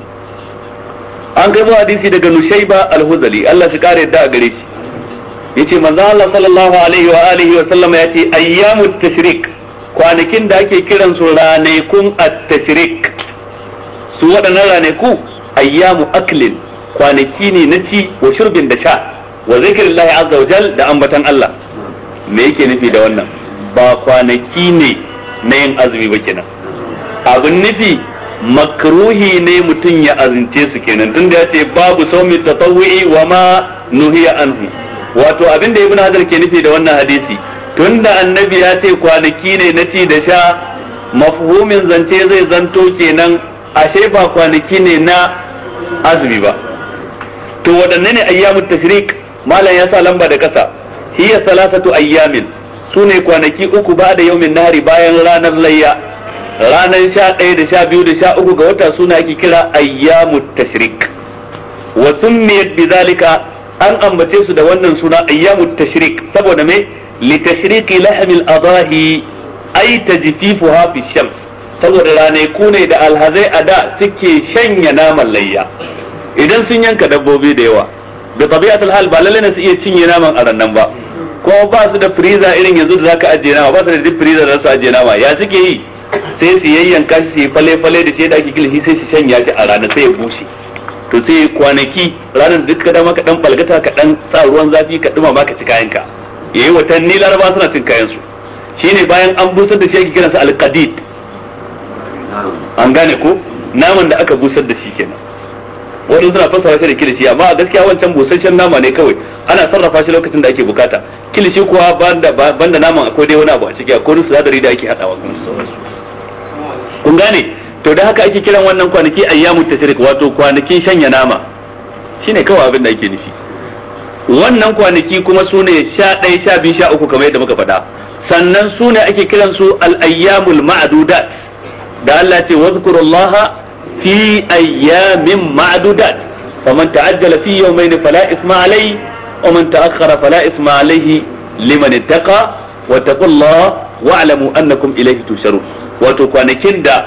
Speaker 1: an karbo hadisi daga nushaiba al Allah shi kare yadda a gare shi ya ce manzo Allah sallallahu alaihi wa alihi wa sallam ce. ayyamut tashrik kwanakin da ake kiran su ranakun at-tashrik su waɗannan ranaku ayyamu aklin kwanaki ne na ci wa shurbin da sha wa zikrillahi azza wajal da ambatan Allah me yake nufi da wannan ba kwanaki ne na yin azumi ba kenan abin nufi makruhi ne mutum ya azince su kenan tun da ya ce babu saumi tatawwi wa ma nuhiya anhu wato abin da ibnu hadar ke nufi da wannan hadisi tun da annabi ya ce kwanaki ne na ci da sha mafhumin zance zai zanto kenan ashe ba kwanaki ne na azumi ba to waɗanne ne ayyamut tashrik malam ya sa lamba da kasa hiya salasatu ayyamin sune kwanaki uku ba da yaumin nahari bayan ranar layya ranar sha ɗaya da sha biyu da sha uku ga wata suna ake kira ayyamu tashrik wa summiyat zalika an ambace su da wannan suna ayyamu tashrik saboda me li tashriki al adahi ay tajfifuha fi shams saboda ranai ku ne da alhazai a da suke shanya naman layya idan sun yanka dabbobi da yawa da tabi'atul hal ba lalle ne su iya cinye naman a rannan ba ko ba su da freezer irin yanzu da zaka ajiye nama ba su da freezer da su ajiye nama ya suke yi sai su yayyanka shi fale fale da shi da ake kilishi sai shi shanya shi a ranar sai ya bushe to sai kwanaki ranar duk ka dama ka dan falgata ka dan sa ruwan zafi ka ba ka ci kayan ka yayi watanni laraba suna cin kayan su shine bayan an busar da shi ake kiransa alqadid an gane ko naman da aka busar da shi kenan wani suna fasa shi da kilishi amma a gaskiya wancan busasshen nama ne kawai ana sarrafa shi lokacin da ake bukata kilishi kuwa banda banda naman akwai dai wani abu a ciki akwai sinadari da ake hadawa kuma sauransu kun gane to da haka ake kiran wannan kwanaki ayyamu tashrik wato kwanakin shanya nama shine kawai abin da ake nufi wannan kwanaki kuma su ne sha ɗaya sha biyu sha uku kamar yadda muka faɗa sannan su ne ake kiran su al-ayyamul ma'dudat da Allah ce wazkurullaha fi ayyamin ma'dudat faman ta'ajjala fi yawmayn fala isma alayhi wa man ta'akhkhara fala isma alayhi liman ittaqa wa taqullaha wa'lamu annakum ilayhi tusharun wato kwanakin da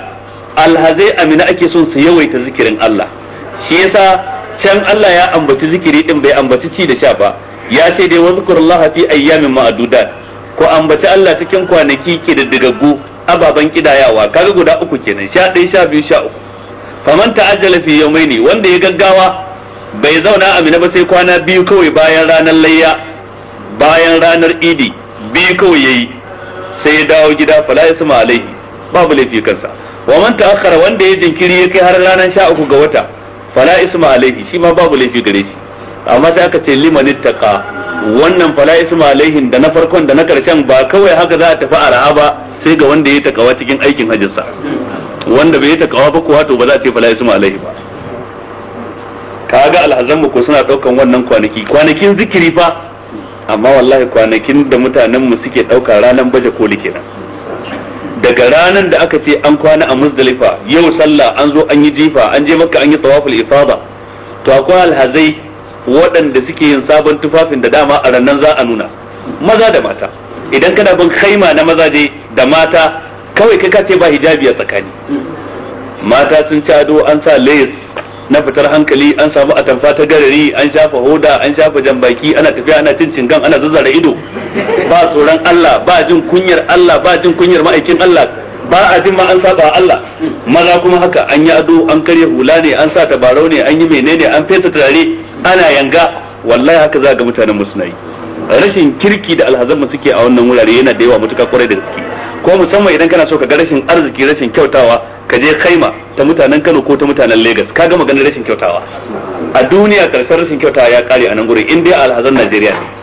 Speaker 1: alhazai amina ake son su yawaita zikirin Allah shi yasa can Allah ya ambaci zikiri din bai ambaci ci da sha ba ya ce dai wa zikrullaha fi ayyamin ma'dudat ko ambaci Allah cikin kwanaki ke da digaggu ababan kidayawa kaga guda uku kenan sha ɗaya sha biyu sha uku faman ta'ajjala fi yawmaini wanda ya gaggawa bai zauna amina ba sai kwana biyu kawai bayan ranar layya bayan ranar idi biyu kawai yayi sai ya dawo gida fala yasma alaihi babu laifi kansa wa man ta'akhkhara wanda ya jinkiri ya kai har ranar sha uku ga wata fala isma alaihi shi ma babu laifi gare shi amma sai aka ce liman ittaqa wannan fala isma alaihin da na farkon da na karshen ba kawai haka za a tafi araha ba sai ga wanda ya takawa cikin aikin hajjinsa wanda bai takawa ba kuwa to ba za a ce fala isma alaihi ba kaga alhazanmu ko suna daukan wannan kwanaki kwanakin zikiri fa amma wallahi kwanakin da mutanen mu suke dauka ranar baje koli kenan daga ranar da aka ce an kwana a muzdalifa yau sallah an zo an yi jifa an je makka an yi tawaful ifada to akwai alhazai waɗanda suke yin sabon tufafin da dama a rannan za a nuna maza da mata idan kana bin khaima na je da mata kawai ka ce ba hijabi a tsakani mata sun ci ado an sa lace na fitar hankali an samu atamfa ta garari an shafa hoda an shafa jambaki ana tafiya ana cin cingan ana zazzara ido ba tsoron Allah ba jin kunyar Allah ba jin kunyar ma'aikin Allah ba a jin ma an saba Allah maza kuma haka an yi ado an karya hula ne an sa tabarau ne an yi menene an fesa turare ana yanga wallahi haka za ga mutanen mu rashin kirki da alhazanmu suke a wannan wurare yana da yawa mutuka kwarai da gaske ko musamman idan kana so ka ga rashin arziki rashin kyautawa ka je kaima ta mutanen Kano ko ta mutanen Lagos ka ga maganar rashin kyautawa a duniya karshen rashin kyautawa ya kare a nan gurin in dai alhazan Najeriya ne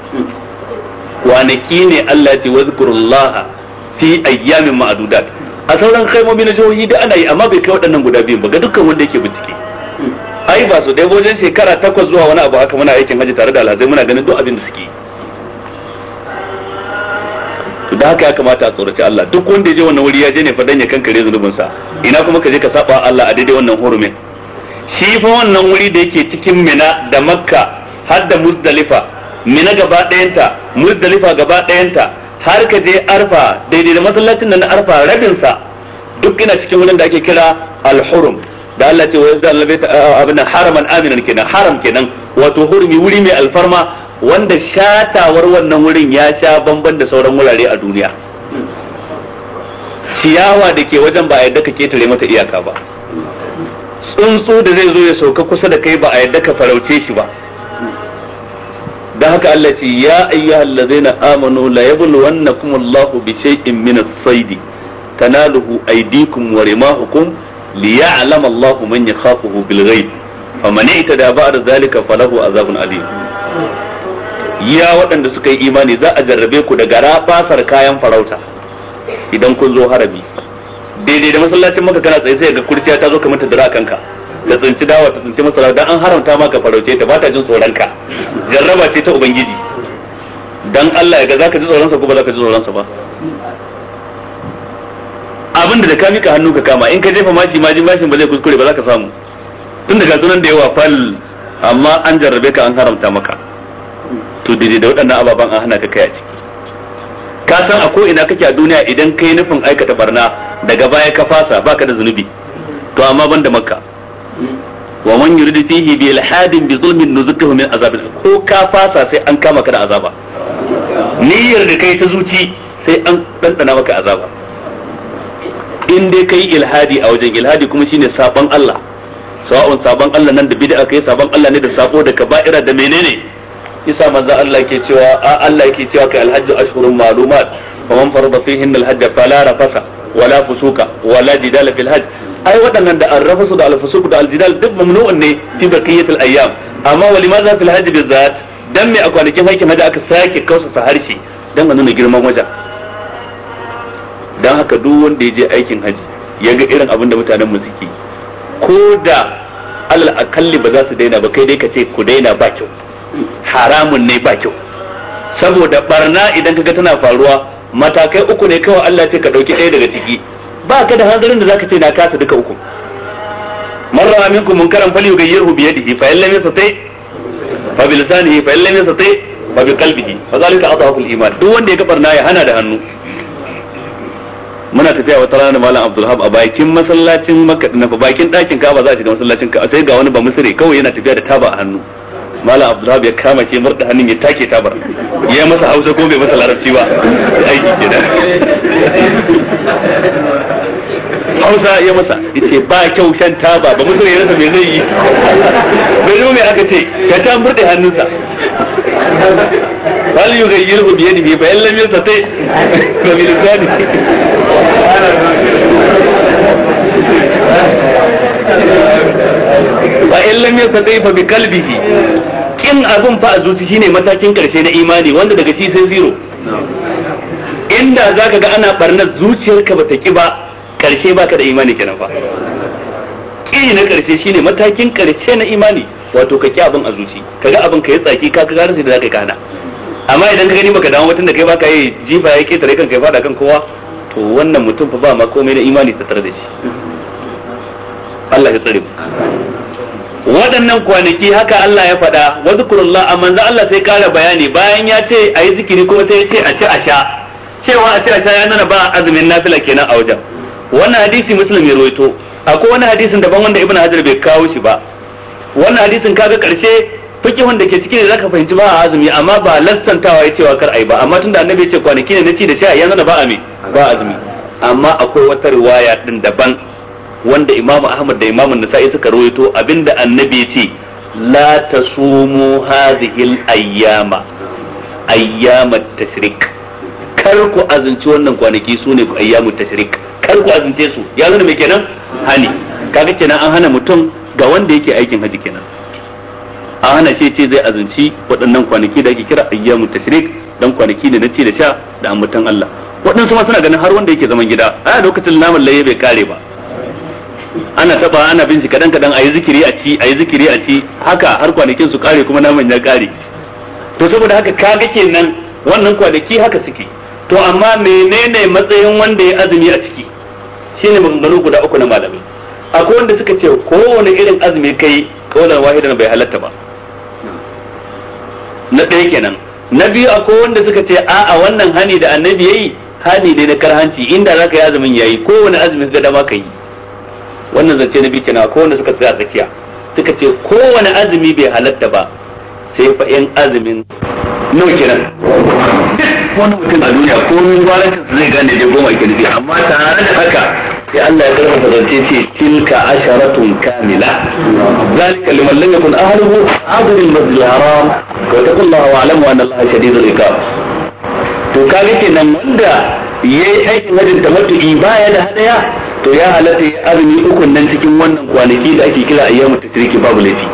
Speaker 1: kwanaki ne Allah ya ce wazkurullah fi ayyamin ma'dudat a sauran kaimomi na jihohi da ana yi amma bai kai waɗannan guda biyu ba ga dukkan wanda yake bincike ai ba su dai wajen shekara takwas zuwa wani abu haka muna aikin haji tare da alhazai muna ganin duk abin da suke to da haka ya kamata a tsoraci Allah duk wanda ya je wannan wuri ya je ne fa dan ya kankare sa. ina kuma ka je ka saba Allah a daidai wannan hurumin shi fa wannan wuri da yake cikin Mina da Makka har da Muzdalifa mina gaba ɗayanta muzdalifa gaba ɗayanta har ka je arfa daidai da masallacin nan na arfa rabin sa duk ina cikin wurin da ake kira al-hurum da Allah ce wa yazda Allah bai abin haraman aminan kenan haram kenan wato hurumi wuri mai alfarma wanda shatawar wannan wurin ya sha bamban da sauran wurare a duniya ciyawa da ke wajen ba a yadda ka ketare mata iyaka ba tsuntsu da zai zo ya sauka kusa da kai ba a yadda ka farauce shi ba da haka Allah ce ya ladzina amanu la Allahu bi shay'in min as-sayd tanaluhu aydikum wa rimahukum liya'lama Allahu man yakhafuhu bil ghaib faman itada ba'da zalika falahu azabun alim ya waɗanda suka yi imani za a jarrabe ku da gara kayan farauta idan kun zo harabi daidai da masallacin maka kana tsaye sai ga kurciya ta zo kamar ta dira kanka ka tsinci dawa ta tsinci masara dan an haramta ma ka farauce ta ba ta jin tsoron ka jarraba ce ta ubangiji dan Allah ya ga zaka ji tsoron sa ko ba zaka ji tsoron sa ba abin da ka mika hannu ka kama in ka jefa mashi ma mashin ba zai kuskure ba za ka samu tun daga sunan da yawa fal amma an jarrabe ka an haramta maka to daidai da waɗannan ababen an hana ka kai a ciki ka san a ko ina kake a duniya idan kai nufin aikata barna daga baya ka fasa baka da zunubi to amma ban da makka wa man yuridu fihi bi ilhadin bi zulmin nuzukuhu min azabil ko ka fasa sai an kama ka azaba niyyar da kai ta zuci sai an dandana maka azaba in dai kai ilhadi a wajen ilhadi kuma shine saban Allah sawa'un Allah nan da bid'a kai saban Allah ne da sako da kaba'ira da menene isa manzo Allah ke cewa a Allah ke cewa kai alhajju ashhurun ma'lumat faman farada fihin alhajj fala rafasa wala fusuka wala jidala fil hajj ai waɗannan da arrafasu da alfusuku da aljidal duk mamnu'un ne fi baqiyatul ayyam amma walimadha fil hajj bizat dan me a kwanakin haikin hajji aka sake kausa sa harshe dan a nuna girman wajen dan haka duk wanda ya je aikin hajji ya ga irin abin da mutanen mu suke ko da alal akalli ba za su daina ba kai dai ka ce ku daina ba kyau haramun ne ba kyau saboda barna idan kaga tana faruwa matakai uku ne kawai Allah ce ka dauki ɗaya daga ciki ba ka da hanzarin da za ka ce na kasa duka uku man ra'a minkum munkaran falyughayyirhu bi yadihi fa illam yastati fa bi lisanihi fa illam yastati fa bi qalbihi fa zalika adhafu al-iman duk wanda ya kafarna ya hana da hannu muna tafiya wata rana malam Abdulhab a bakin masallacin Makka na bakin ɗakin Ka'aba za a shiga masallacin ka sai ga wani ba misri kawai yana tafiya da taba a hannu malam abdullahi ya kama ke murda hannun ya take tabar ya masa hausa ko bai masa larabci ba aiki kenan hausa ya masa yace ba kyau shan taba ba mutum ya rasa mai zai yi bai zo me aka ce ka ta murda hannunsa hal yughayyiru bi yadihi fa illam yastati ba bi lisanihi fa in lam yastati fa bi qalbihi in abun fa a zuci shine matakin karshe na imani wanda daga shi sai zero inda zaka ga ana barnar zuciyarka bata ki ba karshe baka da imani kenan fa kiri na karshe shine matakin karshe na imani wato ka ki abin a zuci kaga abin ka yi tsaki ka ga sai da zaka kana amma idan ka gani baka dawo mutun da kai baka yi jifa ya ketare kan kai fada kan kowa to wannan mutum fa ba ma komai na imani tare da shi Allah ya tsare mu waɗannan kwanaki haka Allah ya faɗa wa zikrullah amma manzo Allah sai kara bayani bayan ya ce ayi zikiri kuma sai ya ce a ci a sha cewa a ci a sha ya nuna ba azumin nafila kenan a wajen wannan hadisi musulmi ya rawaito akwai wani hadisin daban wanda ibnu hajar bai kawo shi ba wannan hadisin kaga karshe fikihun da ke cikin zaka fahimci ba a azumi amma ba lassantawa ya cewa kar ai ba amma tunda annabi ya ce kwanaki ne na ci da sha yanzu na ba a me ba azumi amma akwai wata riwaya din daban wanda Imam Ahmad da Imam Nasa'i suka rawaito abinda annabi ya ce la tasumu hadhihi al-ayyama ayyamat tashrik kar ku azunci wannan kwanaki su ne ayyamu tashrik kar ku azunce su ya zuna me kenan hani kaga kenan an hana mutum ga wanda yake aikin haji kenan an hana shi ce zai azunci waɗannan kwanaki da ake kira ayyamu tashrik dan kwanaki ne na ci da sha da ambatan Allah waɗansu ma suna ganin har wanda yake zaman gida a ah, lokacin naman laye bai kare ba ana taba ana binci kadan kadan ayi zikiri a ci ayi zikiri a ci haka har kwanakin su kare kuma naman ya kare to saboda haka ka ga kenan wannan kwanaki haka suke to amma menene matsayin wanda ya azumi a ciki shine maganganu guda uku na malamai akwai wanda suka ce kowane irin azumi kai kawalan wahidan bai halatta ba na ɗaya kenan na biyu akwai wanda suka ce a'a wannan hani da annabi yayi hani dai na karhanci inda zaka yi azumin yayi kowane azumin ka dama ka yi wannan zance na biyu ko wanda suka tsaya tsakiya suka ce kowane azumi bai halatta ba sai fa in azumin nawa kenan wani mutum a duniya ko min gwara zai gane da goma ke nufi amma tare da haka sai Allah ya karfafa zance ce tilka asharatun kamila zalika liman lam yakun ahluhu abdul masjid haram wa taqullaha wa alamu anna Allah shadidul iqab to kage kenan wanda yayi aikin hajjin tamattu ba ya da hadaya to ya halatta ya azumi ukun nan cikin wannan kwanaki da ake kira ayyamu tasriki babu laifi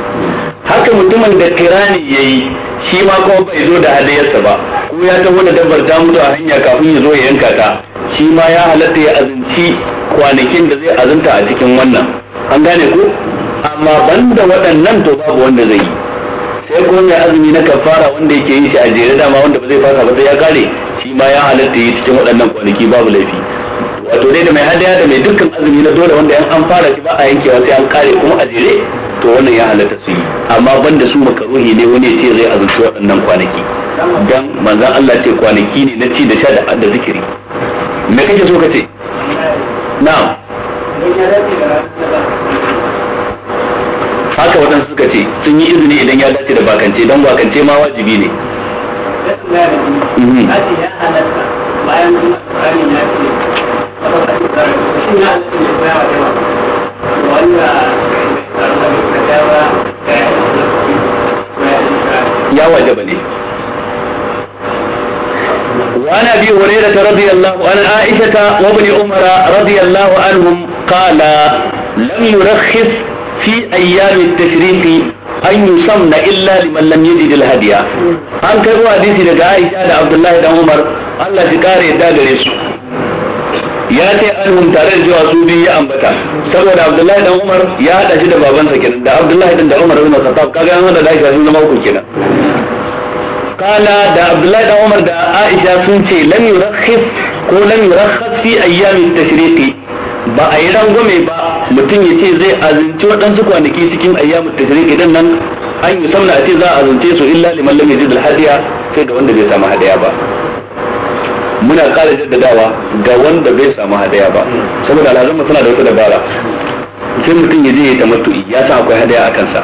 Speaker 1: haka mutumin da kirani yayi shi ma kuma bai zo da hadayarsa ba ko ya taho da dabbar ta mutu a hanya kafin ya zo ya yanka ta shi ma ya halatta ya azumci kwanakin da zai azumta a cikin wannan an gane ko amma banda waɗannan to babu wanda zai yi sai kuma mai azumi na kafara wanda yake yi shi a jere dama wanda ba zai fasa ba sai ya kare shi ma ya halatta yi cikin waɗannan kwanaki babu laifi wato dai da mai hadaya da mai dukkan azumi na dole wanda yan an fara shi ba a yankewa sai an kare kuma a jere to wannan ya halatta su yi amma ban da su makaruhi ne wani ya ce zai azumci waɗannan kwanaki dan manzan Allah ce kwanaki ne na ci da sha da zikiri me kake so ka ce na'am haka waɗansu suka ce sun yi izini idan ya dace da bakance don bakance ma wajibi ne يا وجب وأنا أبي هريرة رضي الله عن عائشة وابن عمر رضي الله عنهم قال لم يرخص في أيام التشريق أن يصمنا إلا لمن لم يجد الهدية أنت هو حديثي لك عائشة عبد الله بن عمر الله سكاري داد رسول ya ce anhum tare da cewa su biyu ya ambata saboda abdullahi dan umar ya hada shi da babansa kenan da abdullahi dan da umar ibn khattab kaga an hada da aisha sun zama uku kenan kala da abdullahi dan umar da aisha sun ce lam yurakhis ko lam yurakhas fi ayyamit tashriqi ba a yi rangwame ba mutum ya ce zai azinci waɗansu kwanaki cikin ayyamit tashriqi dan nan an yi samna a ce za a azince su illa liman lam yajid al hadiya sai ga wanda bai samu hadiya ba muna ƙara jaddadawa ga wanda bai samu hadaya ba saboda alhazan mutuna suna da wata dabara sai mutum ya je ya matu'i ya san akwai hadaya a kansa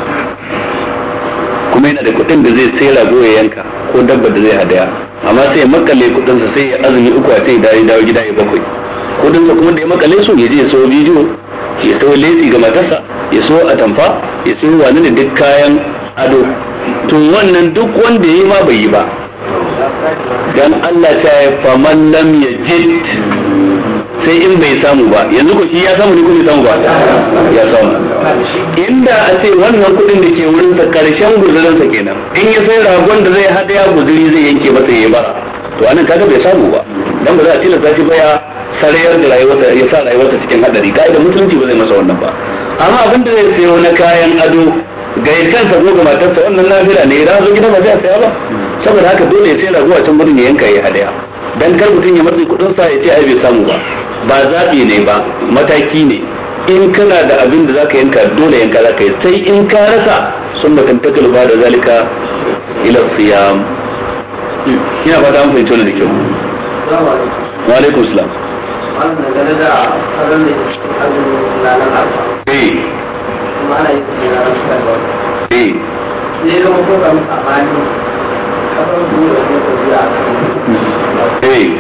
Speaker 1: kuma yana da kuɗin da zai sai rago ya yanka ko dabba da zai hadaya amma sai ya makale kuɗinsa sai ya azumi uku a ce ya dawo gida ya bakwai kuɗinsa kuma da ya makale su ya je ya sayo bidiyo ya sayo lesi ga matarsa ya sayo atamfa ya sayo wani da duk kayan ado to wannan duk wanda ya yi ma bai yi ba dan Allah ta yi faman lam ya jid sai in bai samu ba yanzu ko shi ya samu ne kuma samu ba ya samu inda a ce wannan kudin da ke wurin sa karshen guzurin sa kenan in ya sai ragon da zai hada ya guzuri zai yanke masa yayi ba to anan kaga bai samu ba dan ba za a tilasta shi ba ya sarayar da rayuwarsa ya sa rayuwarsa cikin hadari kai da mutunci ba zai masa wannan ba amma abin da zai sayo na kayan ado ga kansa ko ga matarsa wannan lafira ne ya zo gidan ba zai saya ba saboda haka dole ya sai rago a can birnin ya yanka ya hadaya dan kar mutum ya matsi kudin sa ya ce ai bai samu ba ba zabi ne ba mataki ne in kana da abin da zaka yanka dole yanka zaka yi sai in ka rasa sun matantakal ba da zalika ila siyam ina fata an fahimci wannan da kyau wa alaikum salam Eh. Eh.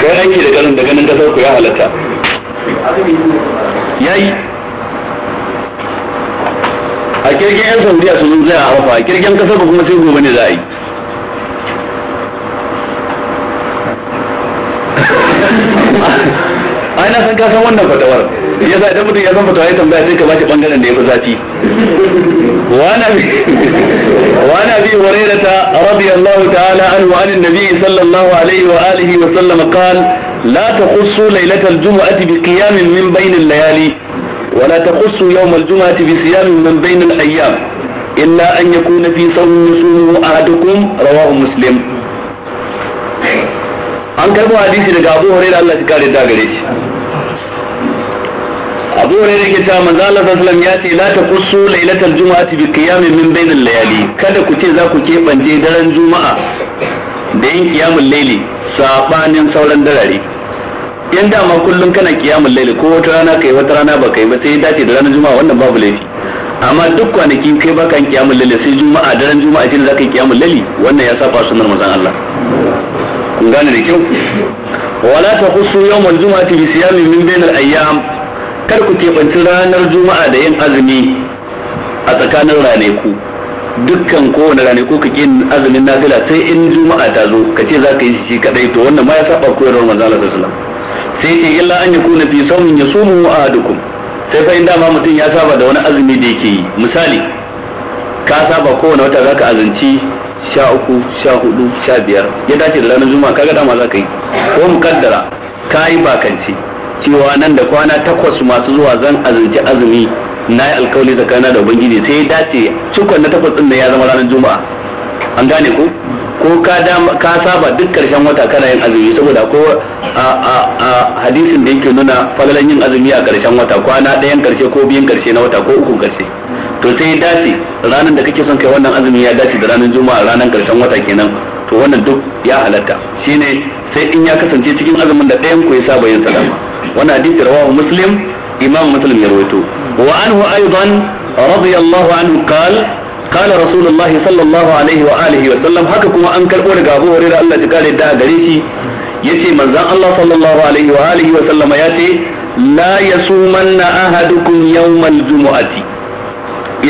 Speaker 1: kai aiki da ganin da ganin kasar ku ya halatta yi. a kirgin yan saudiya sun zai a hafa a kirgin kasar ku kuma sai gobe ne za a yi ai na san ka san wannan fatawar ya za idan mutum ya san fatawa ya tambaya sai ka ba shi bangaren da ya fi zafi وعن وعن ابي هريره رضي الله تعالى عنه عن النبي صلى الله عليه واله وسلم قال لا تخصوا ليله الجمعه بقيام من بين الليالي ولا تخصوا يوم الجمعه بصيام من بين الايام الا ان يكون في صوم يصومه احدكم رواه مسلم an karbo hadisi daga abu hurairah Allah ya kare da gare shi abu hurairah yake cewa manzo Allah sallallahu alaihi ya ce la taqussu lailatal jumu'ati bi qiyamin min bainal layali kada ku ce za ku keɓance daren juma'a da yin qiyamul layli sabanin sauran darare in dama kullum kana qiyamul layli ko wata rana kai wata rana ba kai ba sai dace da ranar juma'a wannan babu laifi amma duk kwanakin kai baka yin qiyamul layli sai juma'a daren juma'a shine zaka yi qiyamul layli wannan ya saba sunnar manzon Allah kun gane da kyau wala taqussu yawmal jumu'ati bi siyamin min bainal ayyam kar ku keɓanci ranar juma'a da yin azumi a tsakanin ranaku dukkan kowane ranaiku ka yin azumin nafila sai in juma'a ta zo ka ce za ka yi shi kadai to wannan ma ya saba koyarwar manzo Allah sallallahu sai ce illa an yakuna fi sawmin yasumu ahadukum sai fa dama mutum ya saba da wani azumi da yake yi misali ka saba kowane wata zaka azanci sha uku sha hudu sha biyar ya dace da ranar juma'a kaga dama za ka yi ko mukaddara ka yi bakanci cewa nan da kwana takwas masu zuwa zan azurci azumi na yi alkawali tsakanina da ubangiji sai ya dace cikon na takwas din da ya zama ranar juma'a an gane ku? ko ka saba duk karshen wata kana yin azumi saboda ko a hadisin da yake nuna falalan yin azumi a karshen wata kwana ɗayan karshe ko biyan karshe na wata ko uku karshe to sai ya dace ranar da kake son kai wannan azumi ya dace da ranar juma'a ranar karshen wata kenan to wannan duk ya halatta shine sai in ya kasance cikin azumin da ɗayan ku ya saba yin salama wannan hadisi rawahu muslim imam muslim ya rawaito wa anhu aidan radiyallahu anhu qala قال رسول الله صلى الله عليه وآله وسلم haka kuma an karbo daga Abu Hurairah Allah ya kare da gare shi yace manzon Allah sallallahu alaihi wa alihi wa sallama yace la yasumanna ahadukum yawmal jumu'ati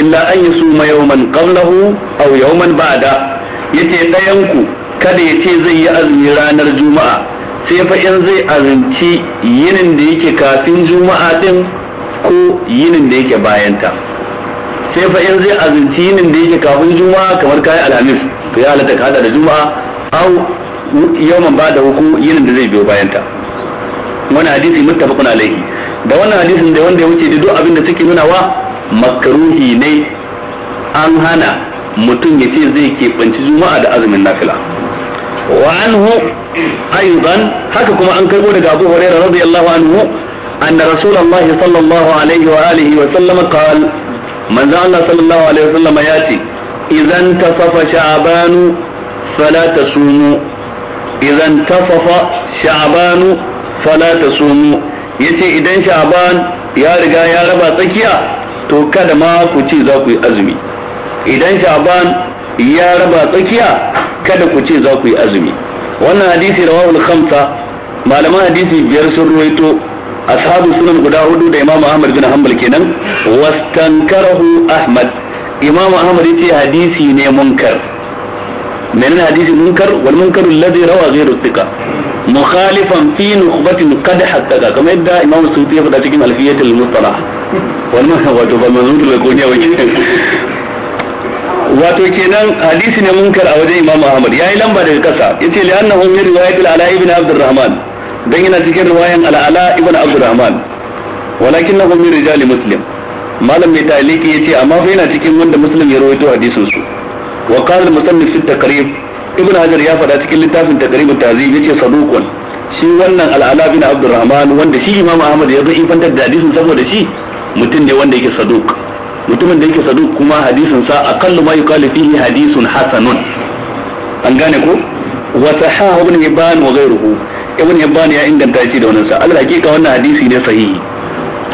Speaker 1: illa an yasuma yawman qablahu aw yawman ba'da yace ɗayan ku kada yace zai yi azumi ranar juma'a sai fa in zai azanci yinin da yake kafin juma'a din ko yinin da yake bayanta sai fa in zai azanci yinin da yake kafin juma'a kamar kayan alhamis to ya halatta kada da juma'a au yawan ba da hukun yinin da zai biyo bayanta wani hadisi muttafaqun alaihi da wannan hadisin da wanda ya wuce da duk abin da suke nuna wa makruhi ne an hana mutum ya ce zai keɓanci juma'a da azumin nafila wa anhu aidan haka kuma an karbo daga Abu Hurairah radiyallahu anhu anna Rasulullah sallallahu alaihi wa alihi wa sallam qala manzo Allah sallallahu alaihi wa sallam ya ce idan tasafa sha'banu fala tasumu idan tasafa sha'banu fala tasumu yace idan sha'ban ya riga ya raba tsakiya to kada ma ku ci za ku yi azumi idan sha'ban ya raba tsakiya kada ku ce za ku yi azumi wannan hadisi wawul khamsa malaman hadisi biyar sun ruwaito ashabu sunan guda hudu da imamu ahmad bin hanbal kenan wastankarahu ahmad imamu ahmad yace hadisi ne munkar menene hadisi munkar wal munkaru alladhi rawa ghayru thiqa mukhalifan fi nukhbatin qad haddaka kamar yadda imamu suti ya faɗa cikin alfiyatul mustalah wannan wato ba manzur da koniya wake wato kenan hadisi ne munkar a wajen Imam Ahmad yayi lamba daga kasa yace li annahu min riwayat al-Ala ibn rahman. dan yana cikin riwayan al-Ala ibn Walakin walakinahu min rijal Muslim malam mai taliki yace amma fa yana cikin wanda Muslim ya rawaito hadisin su wa qala al-musannif fi taqrib ibn Hajar ya faɗa cikin littafin taqrib at-tazib yace saduqun shi wannan al-Ala ibn rahman wanda shi Imam Ahmad ya zo ifantar da hadisin saboda shi mutum ne wanda yake saduq mutumin da yake saduk kuma hadisin sa aqallu ma yuqalu fihi hadisun hasanun an gane ko wa sahahu ibn hibban wa ghayruhu ibn hibban ya inganta shi da wannan sa al hakika wannan hadisi ne sahihi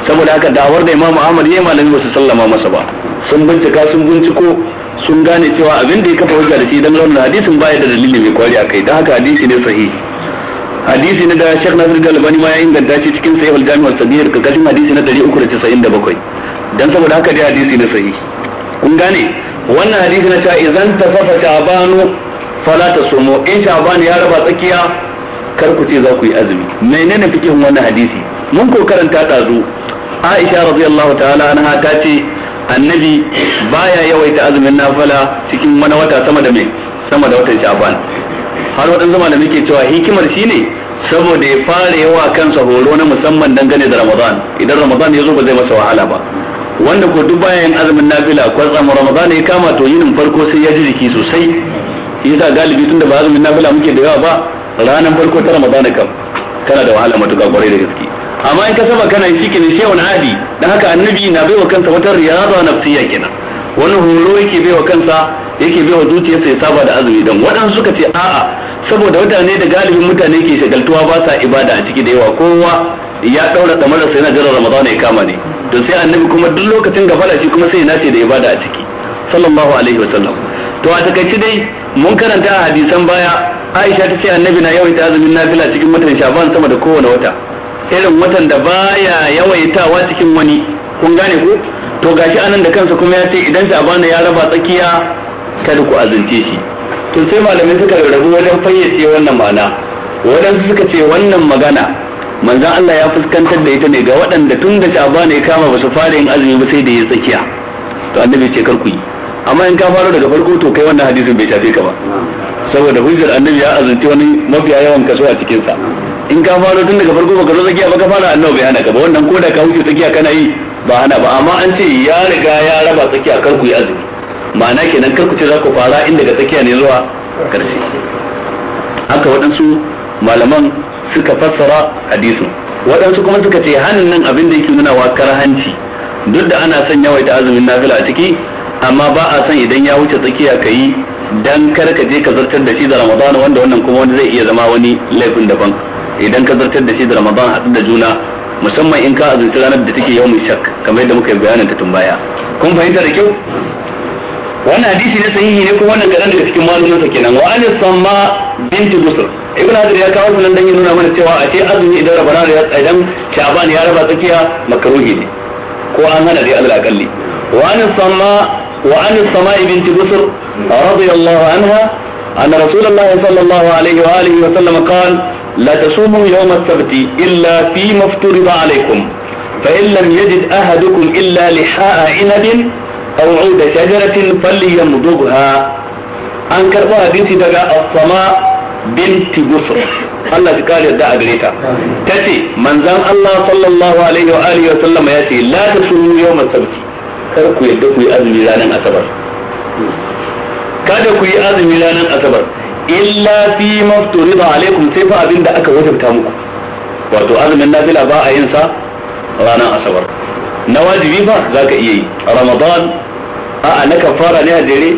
Speaker 1: saboda haka dawar da imamu ahmad yayi malami ba su sallama masa ba sun bincika sun binciko sun gane cewa abin da ya kafa hujja da shi dan wannan hadisin baya da dalili mai kwari akai dan haka hadisi ne sahihi hadisi na da Sheikh Nasir Galbani ma ya inganta shi cikin Sahih al-Jami' al-Saghir kakashin hadisi na 397 dan saboda haka dai hadisi ne sahi. kun gane wannan hadisi na cewa idan tafafa shabanu fala somo in shaban ya raba tsakiya kar ku ce za ku yi azumi menene fikin wannan hadisi mun ko karanta zo Aisha radiyallahu ta'ala anha ta ce annabi baya yawaita azumin nafala cikin wani wata sama da mai sama da watan sha'ban har zama da muke cewa hikimar shine saboda ya fara yawa kansa horo na musamman dangane da ramadan idan ramadan ya zo ba zai masa wahala ba wanda ko duk bayan azumin nafila kwatsam ramadan ya kama to yinin farko sai ya ji jiki sosai yasa galibi tunda ba azumin nafila muke da yawa ba ranar farko ta ramadan kam kana da wahala matuƙa kwarai da gaske amma in ka saba kana shi ne sai wani adi dan haka annabi na baiwa kansa wata riyada nafsiya kenan wani horo yake baiwa kansa yake baiwa zuciyarsa ya saba da azumi dan waɗansu suka ce a'a saboda mutane da galibin mutane ke shagaltuwa ba sa ibada a ciki da yawa kowa ya daura marasa yana jira ramadan ya kama ne to sai annabi kuma duk lokacin gafara shi kuma sai ya nace da ibada a ciki sallallahu alaihi wa sallam to a takaice dai mun karanta a hadisan baya Aisha ta ce annabi na yawaita azumin nafila cikin watan Shaban sama da kowane wata irin watan da baya yawaitawa cikin wani kun gane ku. to gashi anan da kansa kuma ya ce idan Shaban ya raba tsakiya kada ku azunce shi to sai malamai suka rabu wajen fayyace wannan ma'ana wadansu suka ce wannan magana manzan Allah ya fuskantar da ita ne ga waɗanda tun da shaba ne kama ba su fara yin azumi ba sai da ya tsakiya to annabi ce kar ku yi amma in ka fara daga farko to kai wannan hadisin bai shafe ka ba saboda hujjar annabi ya azumci wani mafiya yawan kaso a cikin sa in ka fara tun daga farko baka zo tsakiya ba ka fara annabi bai hana ka ba wannan koda ka huce tsakiya kana yi ba hana ba amma an ce ya riga ya raba tsakiya kar ku yi azumi ma'ana kenan kar ku ce za ku fara inda daga tsakiya ne zuwa karshe haka waɗansu malaman suka fassara hadisin waɗansu kuma suka ce hannun nan abin da yake nuna wa karhanci duk da ana son yawaita azumin nafila a ciki amma ba a son idan ya wuce tsakiya ka yi dan kar ka je ka zartar da shi da ramadan wanda wannan kuma wanda zai iya zama wani laifin daban idan ka zartar da shi da ramadan haɗu da juna musamman in ka azunci ranar da take yau mai shak kamar yadda muka yi bayanin ta tun baya kun fahimta da kyau wannan hadisi ne sahihi ne kuma wannan kaɗan daga cikin sa kenan wa alis samma binti busr ibn hajar ya kawo nan dan ya nuna mana cewa a ce azumi idan rabanan ya idan sha'ban ya raba tsakiya makruhi ne ko an hana dai Allah kalli wa an sama wa an sama binti busr radiyallahu anha أن رسول الله صلى الله عليه وآله وسلم قال لا تصوموا يوم السبت إلا فيما افترض عليكم فإن لم يجد أحدكم إلا لحاء عنب أو عود شجرة فليمضغها أنكر حديث دقاء السماء binti busur Allah shi kare da a gare ta tace manzon Allah sallallahu alaihi wa alihi wa sallama ya ce la sunu yawm sabti kar ku yadda ku yi azumi ranar asabar kada ku yi azumi ranar asabar illa fi mafturida alaikum sai fa abinda aka wajabta muku wato azumin nafila ba a yin sa ranar asabar na wajibi ba za ka iya yi ramadan a'a na kafara ne a jere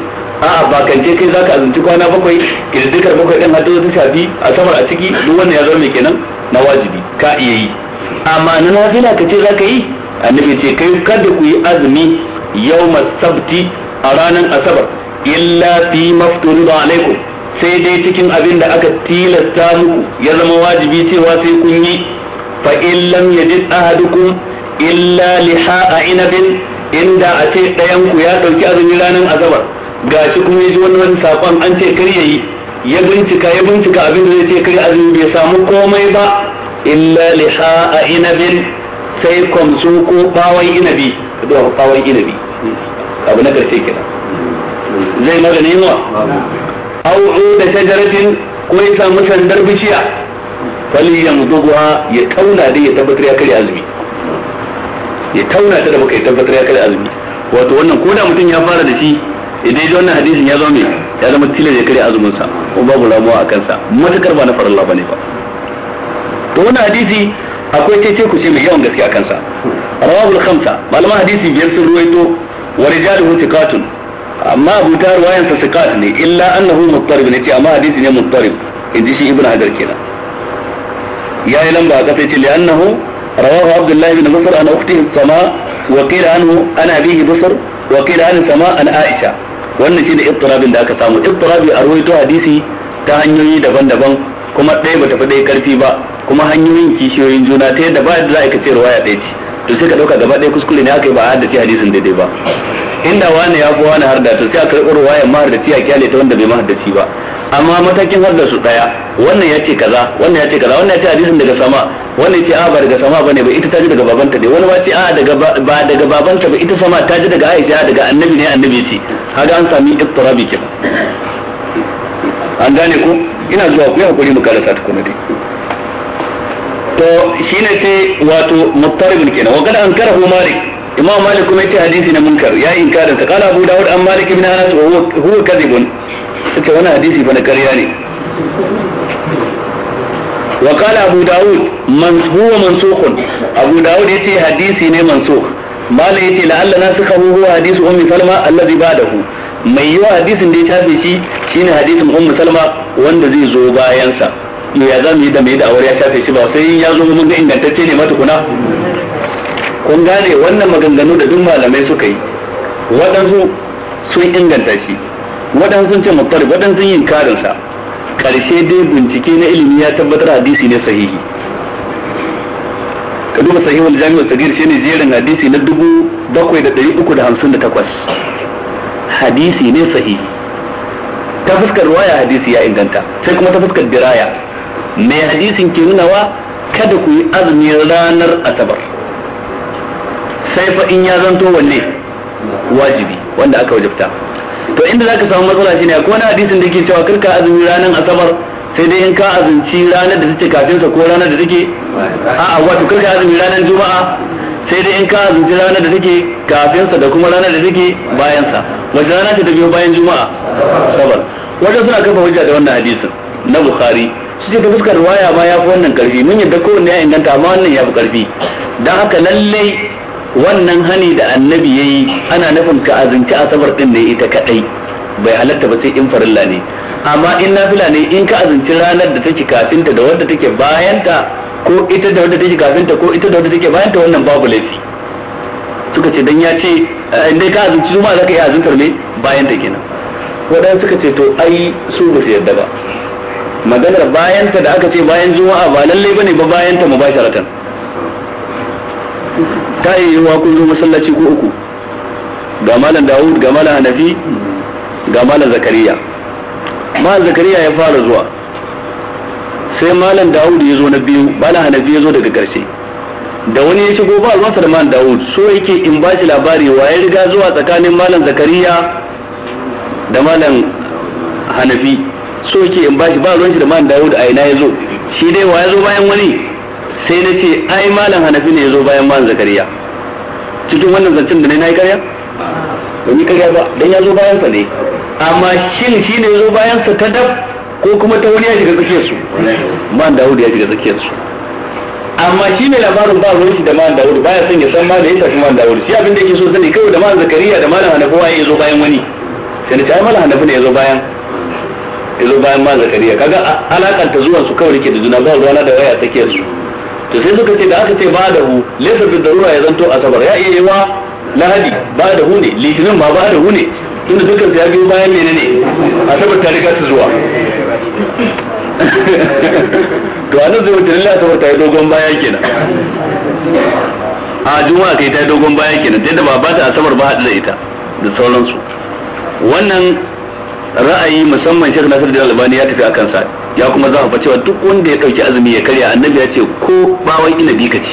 Speaker 1: a'a ba je kai zaka azunci kwana bakwai kirdikar bakwai din hadda ta shafi asabar a ciki duk wannan ya zama mai kenan na wajibi ka iya yi amma na nafila kace zaka yi annabi ce kai kada ku yi azumi yawma sabti a ranar asabar illa fi mafturida alaikum sai dai cikin abin da aka tilasta muku ya zama wajibi cewa sai kun yi fa in lam yajid ahadukum illa liha'a inabin inda a ce ɗayan ku ya ɗauki azumi ranar asabar Ga shi kuma ya ji wani wani sakon an ce kar yayi ya bincika ya bincika abin da zai ce kar azumi bai samu komai ba illa liha a inabin sai kwamsu ko bawai inabi da bawai inabi abu na karshe kenan zai ne wa? au da shajaratin ko ya samu sandar bishiya fali yamduha ya tauna da ya tabbatar ya kare azumi ya tauna ta da baka ya tabbatar ya kare azumi wato wannan ko da mutum ya fara da shi idan ya wannan hadisin ya zama ya zama tilar ya kare azuminsa sa ko babu ramuwa a kansa matukar ba na farilla bane ba to wannan hadisi akwai tece ku ce mai yawan gaske a kansa rawabul khamsa malama hadisi biyar sun ruwaito wa rijaluhu thiqatun amma abu ta ruwayan sa thiqat ne illa annahu muttarib ne ce amma hadisi ne muttarib inji shi ibnu hadar kenan yi lamba a kasa ce li annahu rawahu abdullahi bin masr an ukhtihi sama wa qila anhu ana bihi basar wa qila an sama an aisha wannan shi shine iftirabin da aka samu iftirabi a ruwaito hadisi ta hanyoyi daban-daban kuma ɗaya bata fi ɗaya karfi ba kuma hanyoyin kishiyoyin juna ta yadda ba za a yi kace ruwaya ɗaya ce to sai ka ɗauka gaba ɗaya kuskure ne aka yi ba a haddace hadisin daidai ba inda wani ya wani harda to sai a karɓi ruwayan mahardaci a kyale ta wanda bai shi ba amma matakin harda su daya wannan ya ce kaza wannan ya ce kaza wannan ya ce hadisin daga sama wannan ya ce a ba daga sama bane ba ita ta ji daga babanta ne wani ba ce a daga ba daga babanta ba ita sama ta ji daga Aisha daga annabi ne annabi ce haga an sami iftirabi ke an gane ku ina zuwa ku yi hakuri mu karasa tukuna dai to shine sai wato muttaribin kenan wa kada an karahu malik imam malik kuma yace hadisi na munkar ya inkara ta kala abu dawud an malik ibn anas wa huwa kadhibun yace wannan hadisi fa na ƙarya ne wa qala abu dawud man huwa mansukhun abu dawud yace hadisi ne mansukh malik yace la'alla nasikhahu huwa hadisi ummi salma alladhi ba'dahu mai wa hadisin da ya tafi shi shine hadisin ummi salma wanda zai zo bayan sa ya zamu yi da mai da aure ya tafi shi ba sai ya zo mun ga ingantacce ne mata kuna kun gane wannan maganganu da duk malamai suka yi waɗansu sun inganta shi waɗansu sun ce muttar waɗansu yin karinsa ƙarshe dai bincike na ilimi ya tabbatar hadisi ne sahihi ka duba jami'ar jami'ul sagir ne jerin hadisi na dubu da da da ɗari uku hamsin takwas hadisi ne sahihi ta fuskar waya hadisi ya inganta sai kuma ta fuskar diraya mai hadisin ke nunawa kada ku yi azumin ranar asabar sai fa in ya zanto wanne wajibi wanda aka wajibta to inda zaka samu matsala shine ko na hadisin da yake cewa karka azumi ranar asabar sai dai in ka azumci ranar da take kafin sa ko ranar da take a'a wato karka azumi ranar juma'a sai dai in ka azumci ranar da take kafin sa da kuma ranar da take bayan sa wace rana ce ta biyo bayan juma'a asabar wajen suna kafa hujja da wannan hadisin na bukhari su ce ta fuskar waya ma ya fi wannan karfi mun yadda kowanne ya inganta amma wannan ya fi karfi don haka lallai wannan hani da annabi ya yi ana nufin ka azinci sabar din ne ita kadai bai halatta ba sai in farilla ne amma in nafila ne in ka azinci ranar da take kafinta da wadda take bayanta ko ita da wadda take kafinta ko ita da wadda take bayanta wannan babu laifi suka ce dan ya ce eh, in dai ka azinci za ka yi azintar ne bayan kenan wadan suka ce to ai su ba su yarda ba maganar bayanta da aka ce bayan juma'a ba lalle bane ba bayanta mubasharatan ta iya yiwuwa kun zo masallaci ko uku ga malam Dawud ga malam Hanafi ga malam Zakariya malam Zakariya ya fara zuwa sai malam Dawud ya zo na biyu malam Hanafi ya zo daga ƙarshe da wani ya shigo ba ruwan Malam Dawud so yake in ba shi labari wa ya riga zuwa tsakanin malam Zakariya da malam Hanafi so yake in ba shi ba ruwan da malam Dawud a ina ya zo shi dai wa ya zo bayan wani sai na ce ai malam hanafi ne ya zo bayan malam zakariya cikin wannan zancen da ne na yi karya ba yi karya ba dan ya zo bayansa ne amma shin shi ne ya zo bayansa ta dab ko kuma ta wani ya shiga tsakiyar su man dawud ya shiga tsakiyar su amma shi ne labarin ba ruwan shi da man dawud baya son ya san ma da ya tafi man dawud shi abin da yake so sani kawai da malam zakariya da malam hanafi waye ya zo bayan wani sai na ce ai malam hanafi ne ya zo bayan ya zo bayan man zakariya kaga alakanta zuwan su kawai ke da juna ba ruwana da waya tsakiyar su to sai suka ce da aka ce ba da hu laysa bi darura ya zanto asabar ya iya yawa lahadi ba da hu ne litinin ma ba da hu ne tunda dukkan ya biyo bayan menene asabar ta riga su zuwa to anan zai wata lillahi asabar ta yi dogon baya kenan a juma'a kai ta yi dogon baya kenan ta yadda ba ba ta asabar ba haɗu da ita da sauransu wannan ra'ayi musamman shek nasir da albani ya tafi akan sa ya kuma za a cewa duk wanda ya dauki azumi ya karya annabi ya ce ko bawan inabi ka ci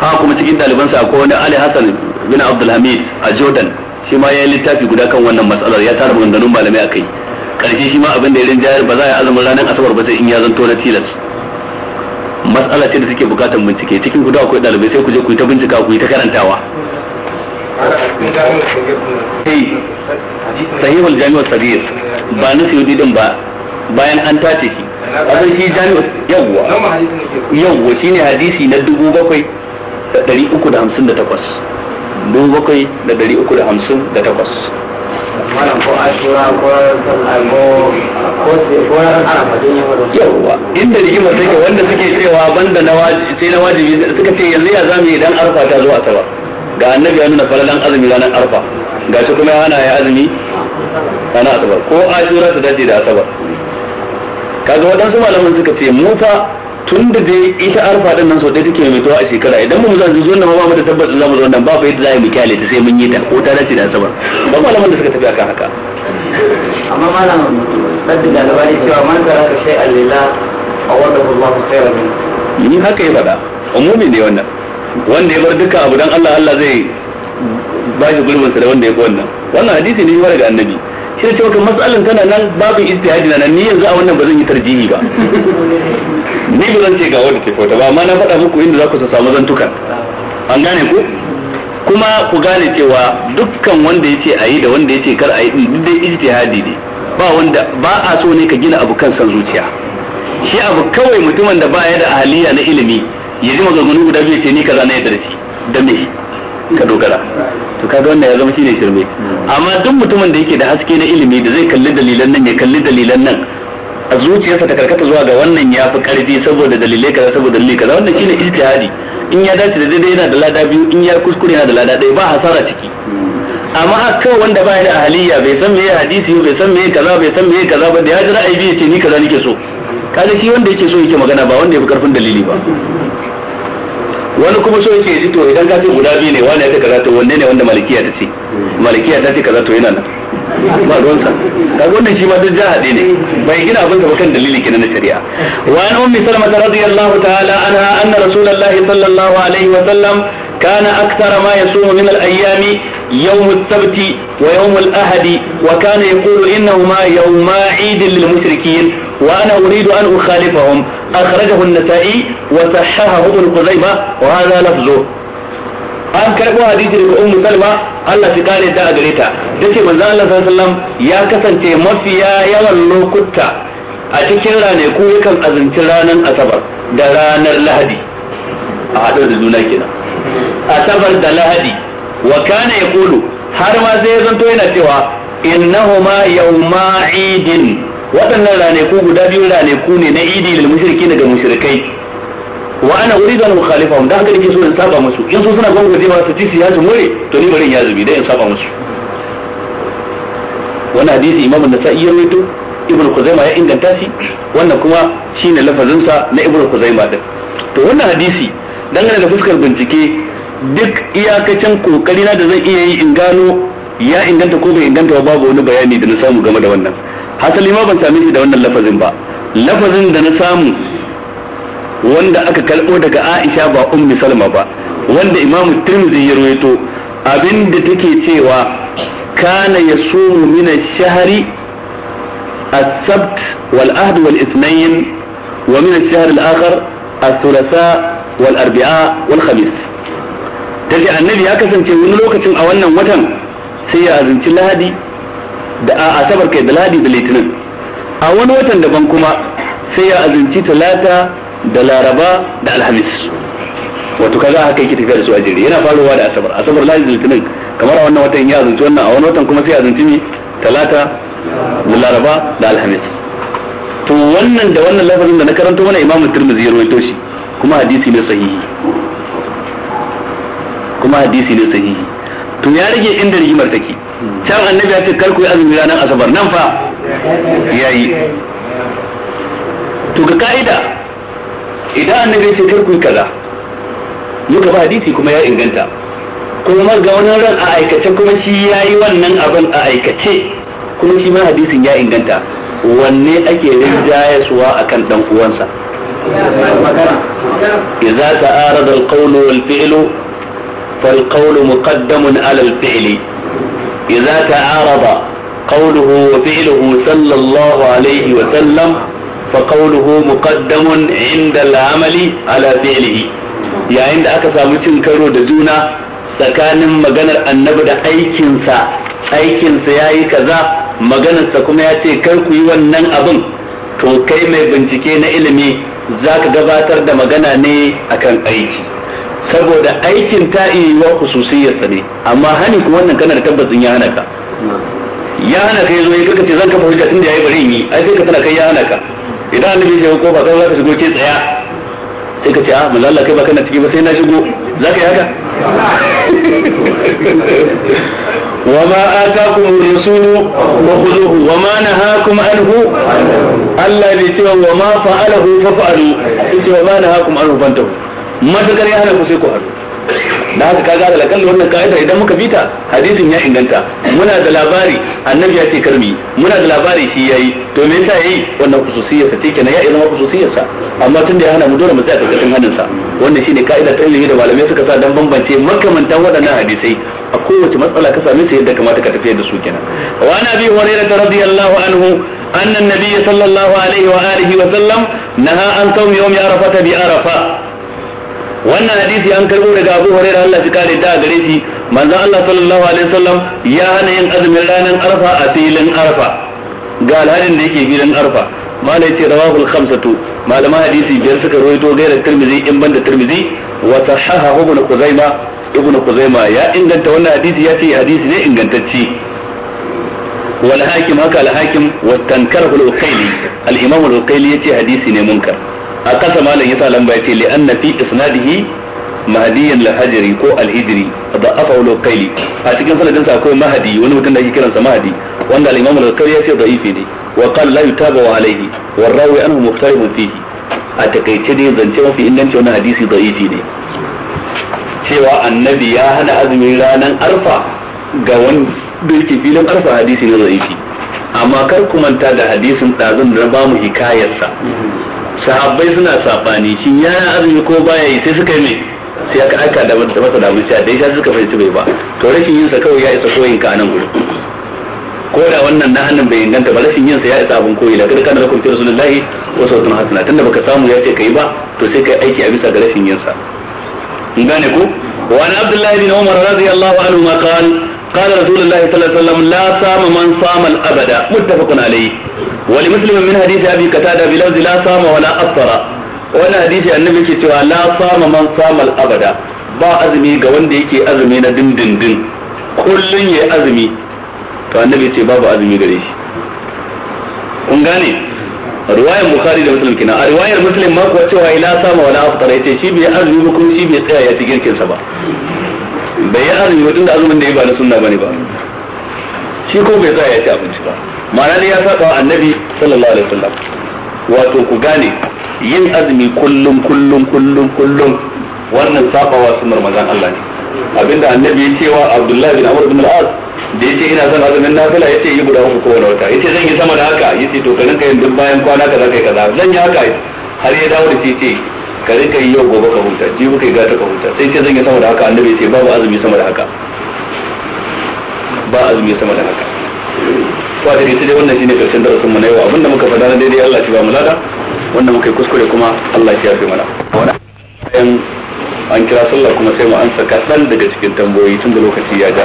Speaker 1: ha kuma cikin ɗalibansa akwai wani Ali Hassan bin Abdul Hamid a Jordan shi ma ya yi littafi guda kan wannan matsalar ya tara maganganun malamai a kai ƙarshe shi ma abin da ya rinjayar ba za a yi azumin ranar asabar ba sai in ya zanto na tilas matsala ce da suke bukatar bincike cikin guda akwai ɗalibai sai ku je ku yi ta bincika ku yi ta karantawa eh, sahihul jami'ar sabir ba na siyo didin ba bayan an tace shi azan shi jami'u yawwa yawwa shine hadisi na dubu bakwai da ɗari uku da hamsin da takwas dubu bakwai da ɗari uku da hamsin da takwas yawwa inda rigima take wanda suke cewa banda na sai na wajibi suka ce yanzu ya zamu idan arfa ta zo asaba ga annabi ya nuna falalan azumi ranar arfa ga gashi kuma ya hana ya azumi ranar asabar ko ashura ta dace da asabar kaga waɗansu malaman suka ce mu fa tun da dai ita arfa din nan sau ɗaya take mai tuwa a shekara idan mu zan zo nan ba mu da tabbacin zamu zo nan ba fa yadda za mu kyale ta sai mun yi ta ko ta dace da sabar ba malaman da suka tafi akan haka amma malaman sabbi da labari cewa man zara da shay'an lillah awadahu Allahu khairan ni haka ya faɗa umumi ne wannan wanda ya bar duka abu dan Allah Allah zai ba shi gurbinsa da wanda ya fi wannan wannan hadisi ne ya daga annabi shi ne cewa matsalin matsalan tana nan babu istihadi na nan ni yanzu a wannan ba zan yi tarjihi ba ni ba zan ce ga wanda ke kauta ba amma na faɗa muku inda za ku samu zantukan an gane ku kuma ku gane cewa dukkan wanda ya ce a yi da wanda ya ce kar a yi duk dai ijtihadi ne ba wanda ba a so ne ka gina abu kan san zuciya shi abu kawai mutumin da ba ya da ahaliya na ilimi ya ji maganganu guda biyu ce ni kaza na yadda da shi da me ka dogara to kaga wannan ya zama shine shirme amma duk mutumin da yake da haske na ilimi da zai kalli dalilan nan ya kalli dalilan nan a zuciyarsa ta karkata zuwa ga wannan ya fi karfi saboda dalilai kaza saboda dalilai kaza wannan shine ijtihadi in ya dace da daidai yana da lada biyu in ya kuskure yana da lada ɗaya ba hasara ciki amma a kawai wanda ba da ahaliya bai san meye hadisi bai san meye kaza bai san meye kaza ba da ya ji ra'ayi ya ce ni kaza nake so kaga shi wanda yake so yake magana ba wanda ya fi karfin dalili ba wani kuma so yake ji to idan ka ce guda biyu ne wani ya kaza to wanne ne wanda malikiya ta ce malikiya ta ce kaza to yana nan ba ruwansa ga wannan shi ma duk jaha ne bai gina abin ba kan dalili kenan na shari'a wa an ummi salama radiyallahu ta'ala anha anna rasulullahi sallallahu alaihi wa sallam Kana, كان أكثر ما يصوم من الأيام يوم السبت ويوم الأحد وكان يقول إنهما يوم عيد للمشركين وأنا أريد أن أخالفهم أخرجه النسائي وصححه ابن خزيمة وهذا لفظه an karɓo hadisi daga ummu salma Allah shi kare ta a gare ta dace manzo Allah sallallahu ya kasance mafiya yawan lokuta a cikin ranaku yakan azumci ranar asabar da ranar lahadi a haɗar da juna kenan asabar da lahadi wa kana yaqulu har ma sai ya zanto yana cewa innahuma yawma idin waɗannan ranaku guda biyu ranaku ne na idi da mushirki daga mushrikai wa ana da mukhalifa ukhalifahum da haka nake so in saba musu in so suna gwamnati su ci siyasa mure to ni bari in yazubi dan in saba musu wannan hadisi imamu nasa'i ya rawaito ibnu kuzaima ya inganta shi wannan kuma shine lafazin sa na ibnu kuzaima din to wannan hadisi dangane da fuskar bincike duk iyakacin kokari na da zan iya yi in gano ya inganta ko bai inganta ba babu wani bayani da na samu game da wannan hasali ma ban sami shi da wannan lafazin ba lafazin da na samu wanda aka kalbo daga Aisha ba ummi Salma ba wanda Imam Tirmidhi ya rawaito abinda take cewa kana yasumu min ash-shahri al-akhar ath-thulatha wal الشهر wal khamis والأربعاء annabi ya kasance wani lokacin a wannan watan sai ya azinci lahadi da a asabar kai da ladi da litinin a wani watan daban kuma sai ya azunci talata da laraba da alhamis wato kaza haka yake tafiya da su a jere yana faruwa da asabar asabar ladi da litinin kamar a wannan watan ya azunci wannan a wani watan kuma sai ya azunci ne talata da laraba da alhamis to wannan da wannan lafazin da na karanto mana imamu turmizi ya rawaito shi kuma hadisi ne sahihi kuma hadisi ne sahihi to ya rage inda rigimar take can annabi ya ce kar ku yi azumi ranar asabar nan fa ya yi. to ga ka'ida idan annabi ce kar ku yi kaza muka ba hadisi kuma ya inganta kuma ga wani ran a aikace kuma shi ya yi wannan abin a aikace kuma shi ma hadisin ya inganta wanne ake rinjayaswa a kan ɗan'uwansa. uwansa idza ta'arada al-qawlu wal-fi'lu fal-qawlu muqaddamun ala al-fi'li إذا تعارض قوله وفعله صلى الله عليه وسلم فقوله مقدم عند العمل على فعله يا عند أكسى متن كرو دجونا سكان مغنى النبدا أيكنسا أي كنسا أي كنسا kuma ya ce kar ku yi wannan abin to kai mai bincike na ilimi za ka gabatar da magana ne akan saboda aikin ta iya khususiyarsa ne amma hani kuma wannan kana da tabbacin ya hana ka ya hana ka yazo yake kace ce zan kafa hujja tunda yayi bari ni ai sai ka tana kai ya hana ka idan annabi ya ko ba sai za ka shigo ke tsaya sai ka ce a ah, manzo Allah kai ba kana ciki ba sai na shigo za ka yi haka ma وما آتاكم الرسول فخذوه وما نهاكم عنه الله بيتوا ma fa'alahu fa'alu بيتوا ma nahakum anhu fantahu matukar ya hana ku sai ku haɗu da haka kaga da lakalli wannan ka'ida idan muka bita hadisin ya inganta muna da labari annabi ya ce karmi muna da labari shi yayi to me yasa yayi wannan khususiyar sa take ya zama khususiyar sa amma tun da ya hana mu dole mu tsaya karkashin hannun sa wannan shine ka'ida ta ilimi da malamai suka sa dan bambance makamantan waɗannan hadisai a kowace matsala ka same su yadda kamata ka tafiyar da su kenan wa ana bi hurairah radiyallahu anhu anna an-nabiy sallallahu alaihi wa alihi wa sallam naha an sawmi yawmi arafata bi arafa wannan hadisi an karbo daga Abu Hurairah Allah ya kare ta gare shi manzon Allah sallallahu alaihi wasallam ya hana yin azumin ranar Arfa a filin Arfa ga alhalin da yake filin Arfa malai ce rawahul khamsatu malama hadisi biyar suka rawaito gairar tirmizi in banda tirmizi wa sahahahu ibn quzaima ibn quzaima ya inganta wannan hadisi ya ce hadisi ne ingantacce wal hakim haka al hakim wa tankarhu al-Uqayli al-Imam al-Uqayli yace hadisi ne munkar a kasa malam yasa lamba yace li anna fi isnadihi mahdiyan hajri ko hijri da afa ulul qaili a cikin sanadin sa akwai mahdi wani mutum da ake kiransa mahdi wanda al-imam al-qaili yace da'ifi ne wa qala la yutaba alayhi wa rawi anhu mukhtalifun fihi a takaice dai zance mafi inganci wannan hadisi da'ifi ne cewa annabi ya hana azumin ranar arfa ga wanda yake filin arfa hadisi ne da'ifi amma kar ku manta da hadisin ɗazun da na bamu hikayarsa sahabbai suna shi ya yana azumi ko baya yi sai suka yi mai sai aka aka da masa da abinci da ya suka fahimci bai ba to rashin yin sa kawai ya isa koyin ka nan gudu ko da wannan na hannun bai inganta ba rashin yin sa ya isa abin koyi da kada kana lakum rasulullahi wa wasu alaihi wasallam tunda baka samu ya ce ka yi ba to sai ka yi aiki a bisa ga rashin yin sa in gane ku wani an abdullahi bin umar radiyallahu anhu ma qala قال رسول الله صلى الله عليه وسلم لا صام من صام الابد متفق عليه ولمسلم من حديث ابي قتاده بلفظ لا صام ولا افطر wani حديث annabi ke cewa la sama man samal ba azumi ga wanda yake azumi na dindindin kullun yayi azumi to annabi ce babu azumi gare shi kun gane riwayar bukhari da muslim kina a riwayar muslim ma kuwa cewa la sama wala afṭara yace shi bai azumi ba kuma shi bai tsaya ya ci sa ba bai yi azumi ba tunda azumin da ya ba na sunna bane ba shi ko bai tsaya ya ci abinci ba ma'ana ne ya saba annabi sallallahu alaihi wasallam wato ku gane yin azumi kullum kullum kullum kullum wannan wa sunnar manzon Allah ne abinda annabi ya cewa Abdullahi bin Amr bin al-As da yake ina son azumin nafila yace yi guda uku kowane wata yace zan yi sama da haka yace to ka rinka yin duk bayan kwana kaza kai kaza zan yi haka har ya dawo da shi yace ka rika yi yau gobe ka huta ji muka yi gata ka huta sai ce zan yi sama da haka annabi ce babu azumi sama da haka ba azumi sama da haka ko da ita dai wannan shine karshen darasin mu na yau abinda muka faɗa na daidai Allah shi ba mu lada wanda muka yi kuskure kuma Allah shi ya fi mana wannan an kira sallah kuma sai mu ansa kaɗan daga cikin tambayoyi tun da lokaci ya ja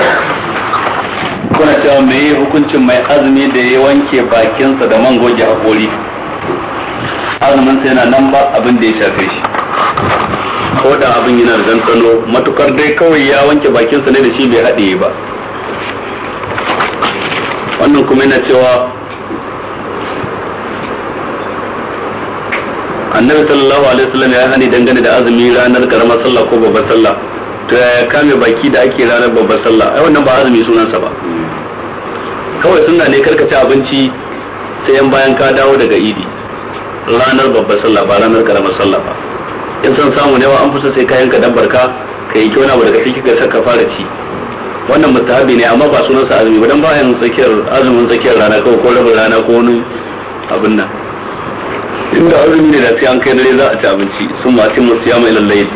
Speaker 1: kuna cewa me hukuncin mai azumi da ya wanke bakinsa da man goge haƙori sa yana nan ba abin da ya shafe shi ko da abin yana da dantsano matukar dai kawai ya wanke bakin sa ne da shi bai haɗe ba wannan kuma yana cewa annabi sallallahu alaihi wasallam ya hani dangane da azumi ranar karamar sallah ko babbar sallah to ya kame baki da ake ranar babbar sallah ai wannan ba azumi sunansa ba kawai sunna ne karka abinci sai yan bayan ka dawo daga idi ranar babbar sallah ba ranar karamar sallah ba in san samu ne an fusa sai kayan ka dan barka ka yi kyona ba daga cikin gasar ka fara ci wannan mutahabi ne amma ba sunan sa azumi ba dan bayan tsakiyar azumin tsakiyar rana ko ko rabin rana ko wani abin nan inda azumi ne da sai an kai dare za a ci abinci sun ma cin musu mai ilal layl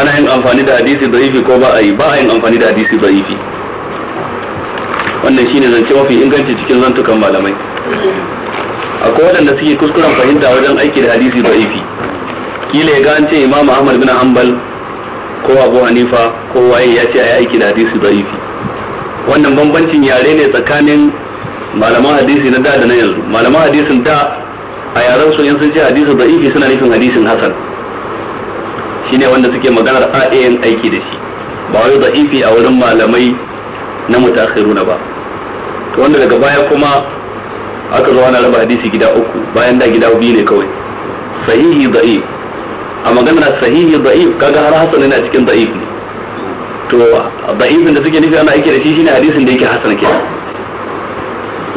Speaker 1: ana yin amfani da hadisi da'ifi ko ba a yi ba a yin amfani da hadisi da'ifi wannan shine zance mafi inganci cikin zantukan malamai akwai waɗanda suke kuskuren fahimta wajen aiki da hadisi da ifi kila ya gance imam ahmad bin hanbal ko abu hanifa ko waye ya ce a yi aiki da hadisi da ifi wannan bambancin yare ne tsakanin malaman hadisi na da da na yanzu malaman hadisin da a yaren su in sun ce hadisi da ifi suna nufin hadisin hasan shine wanda suke maganar a aiki da shi ba wai da ifi a wurin malamai na mutakhiruna ba to wanda daga baya kuma aka zo ana raba hadisi gida uku bayan da gida biyu ne kawai sahihi da'if a magana sahihi da'if kaga har hasan yana cikin da'if ne to da'ifin da suke nufi ana aiki da shi shine hadisin da yake hasan ke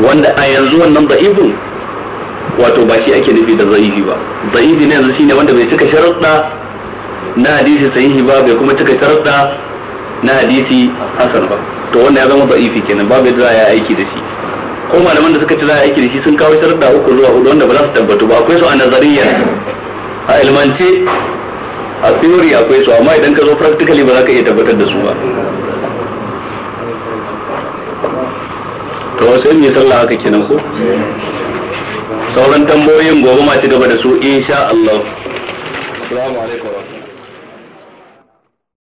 Speaker 1: wanda a yanzu wannan da'ifin wato ba shi ake nufi da da'ifi ba da'ifi ne yanzu shine wanda bai cika sharaɗa na hadisi sahihi ba bai kuma cika sharaɗa na hadisi hasan ba to wannan ya zama da'ifi kenan babu yadda ya aiki da shi ko malaman da suka ci za a aiki da shi sun kawo shirar da uku zuwa hudu wanda ba za su tabbatu ba akwai su a nazariya a ilmance a theory akwai su amma idan ka zo practically ba za ka iya tabbatar da su ba to sai mu yi sallah haka kenan ko sauran tambayoyin gobe ma ci gaba da su insha Allah assalamu alaikum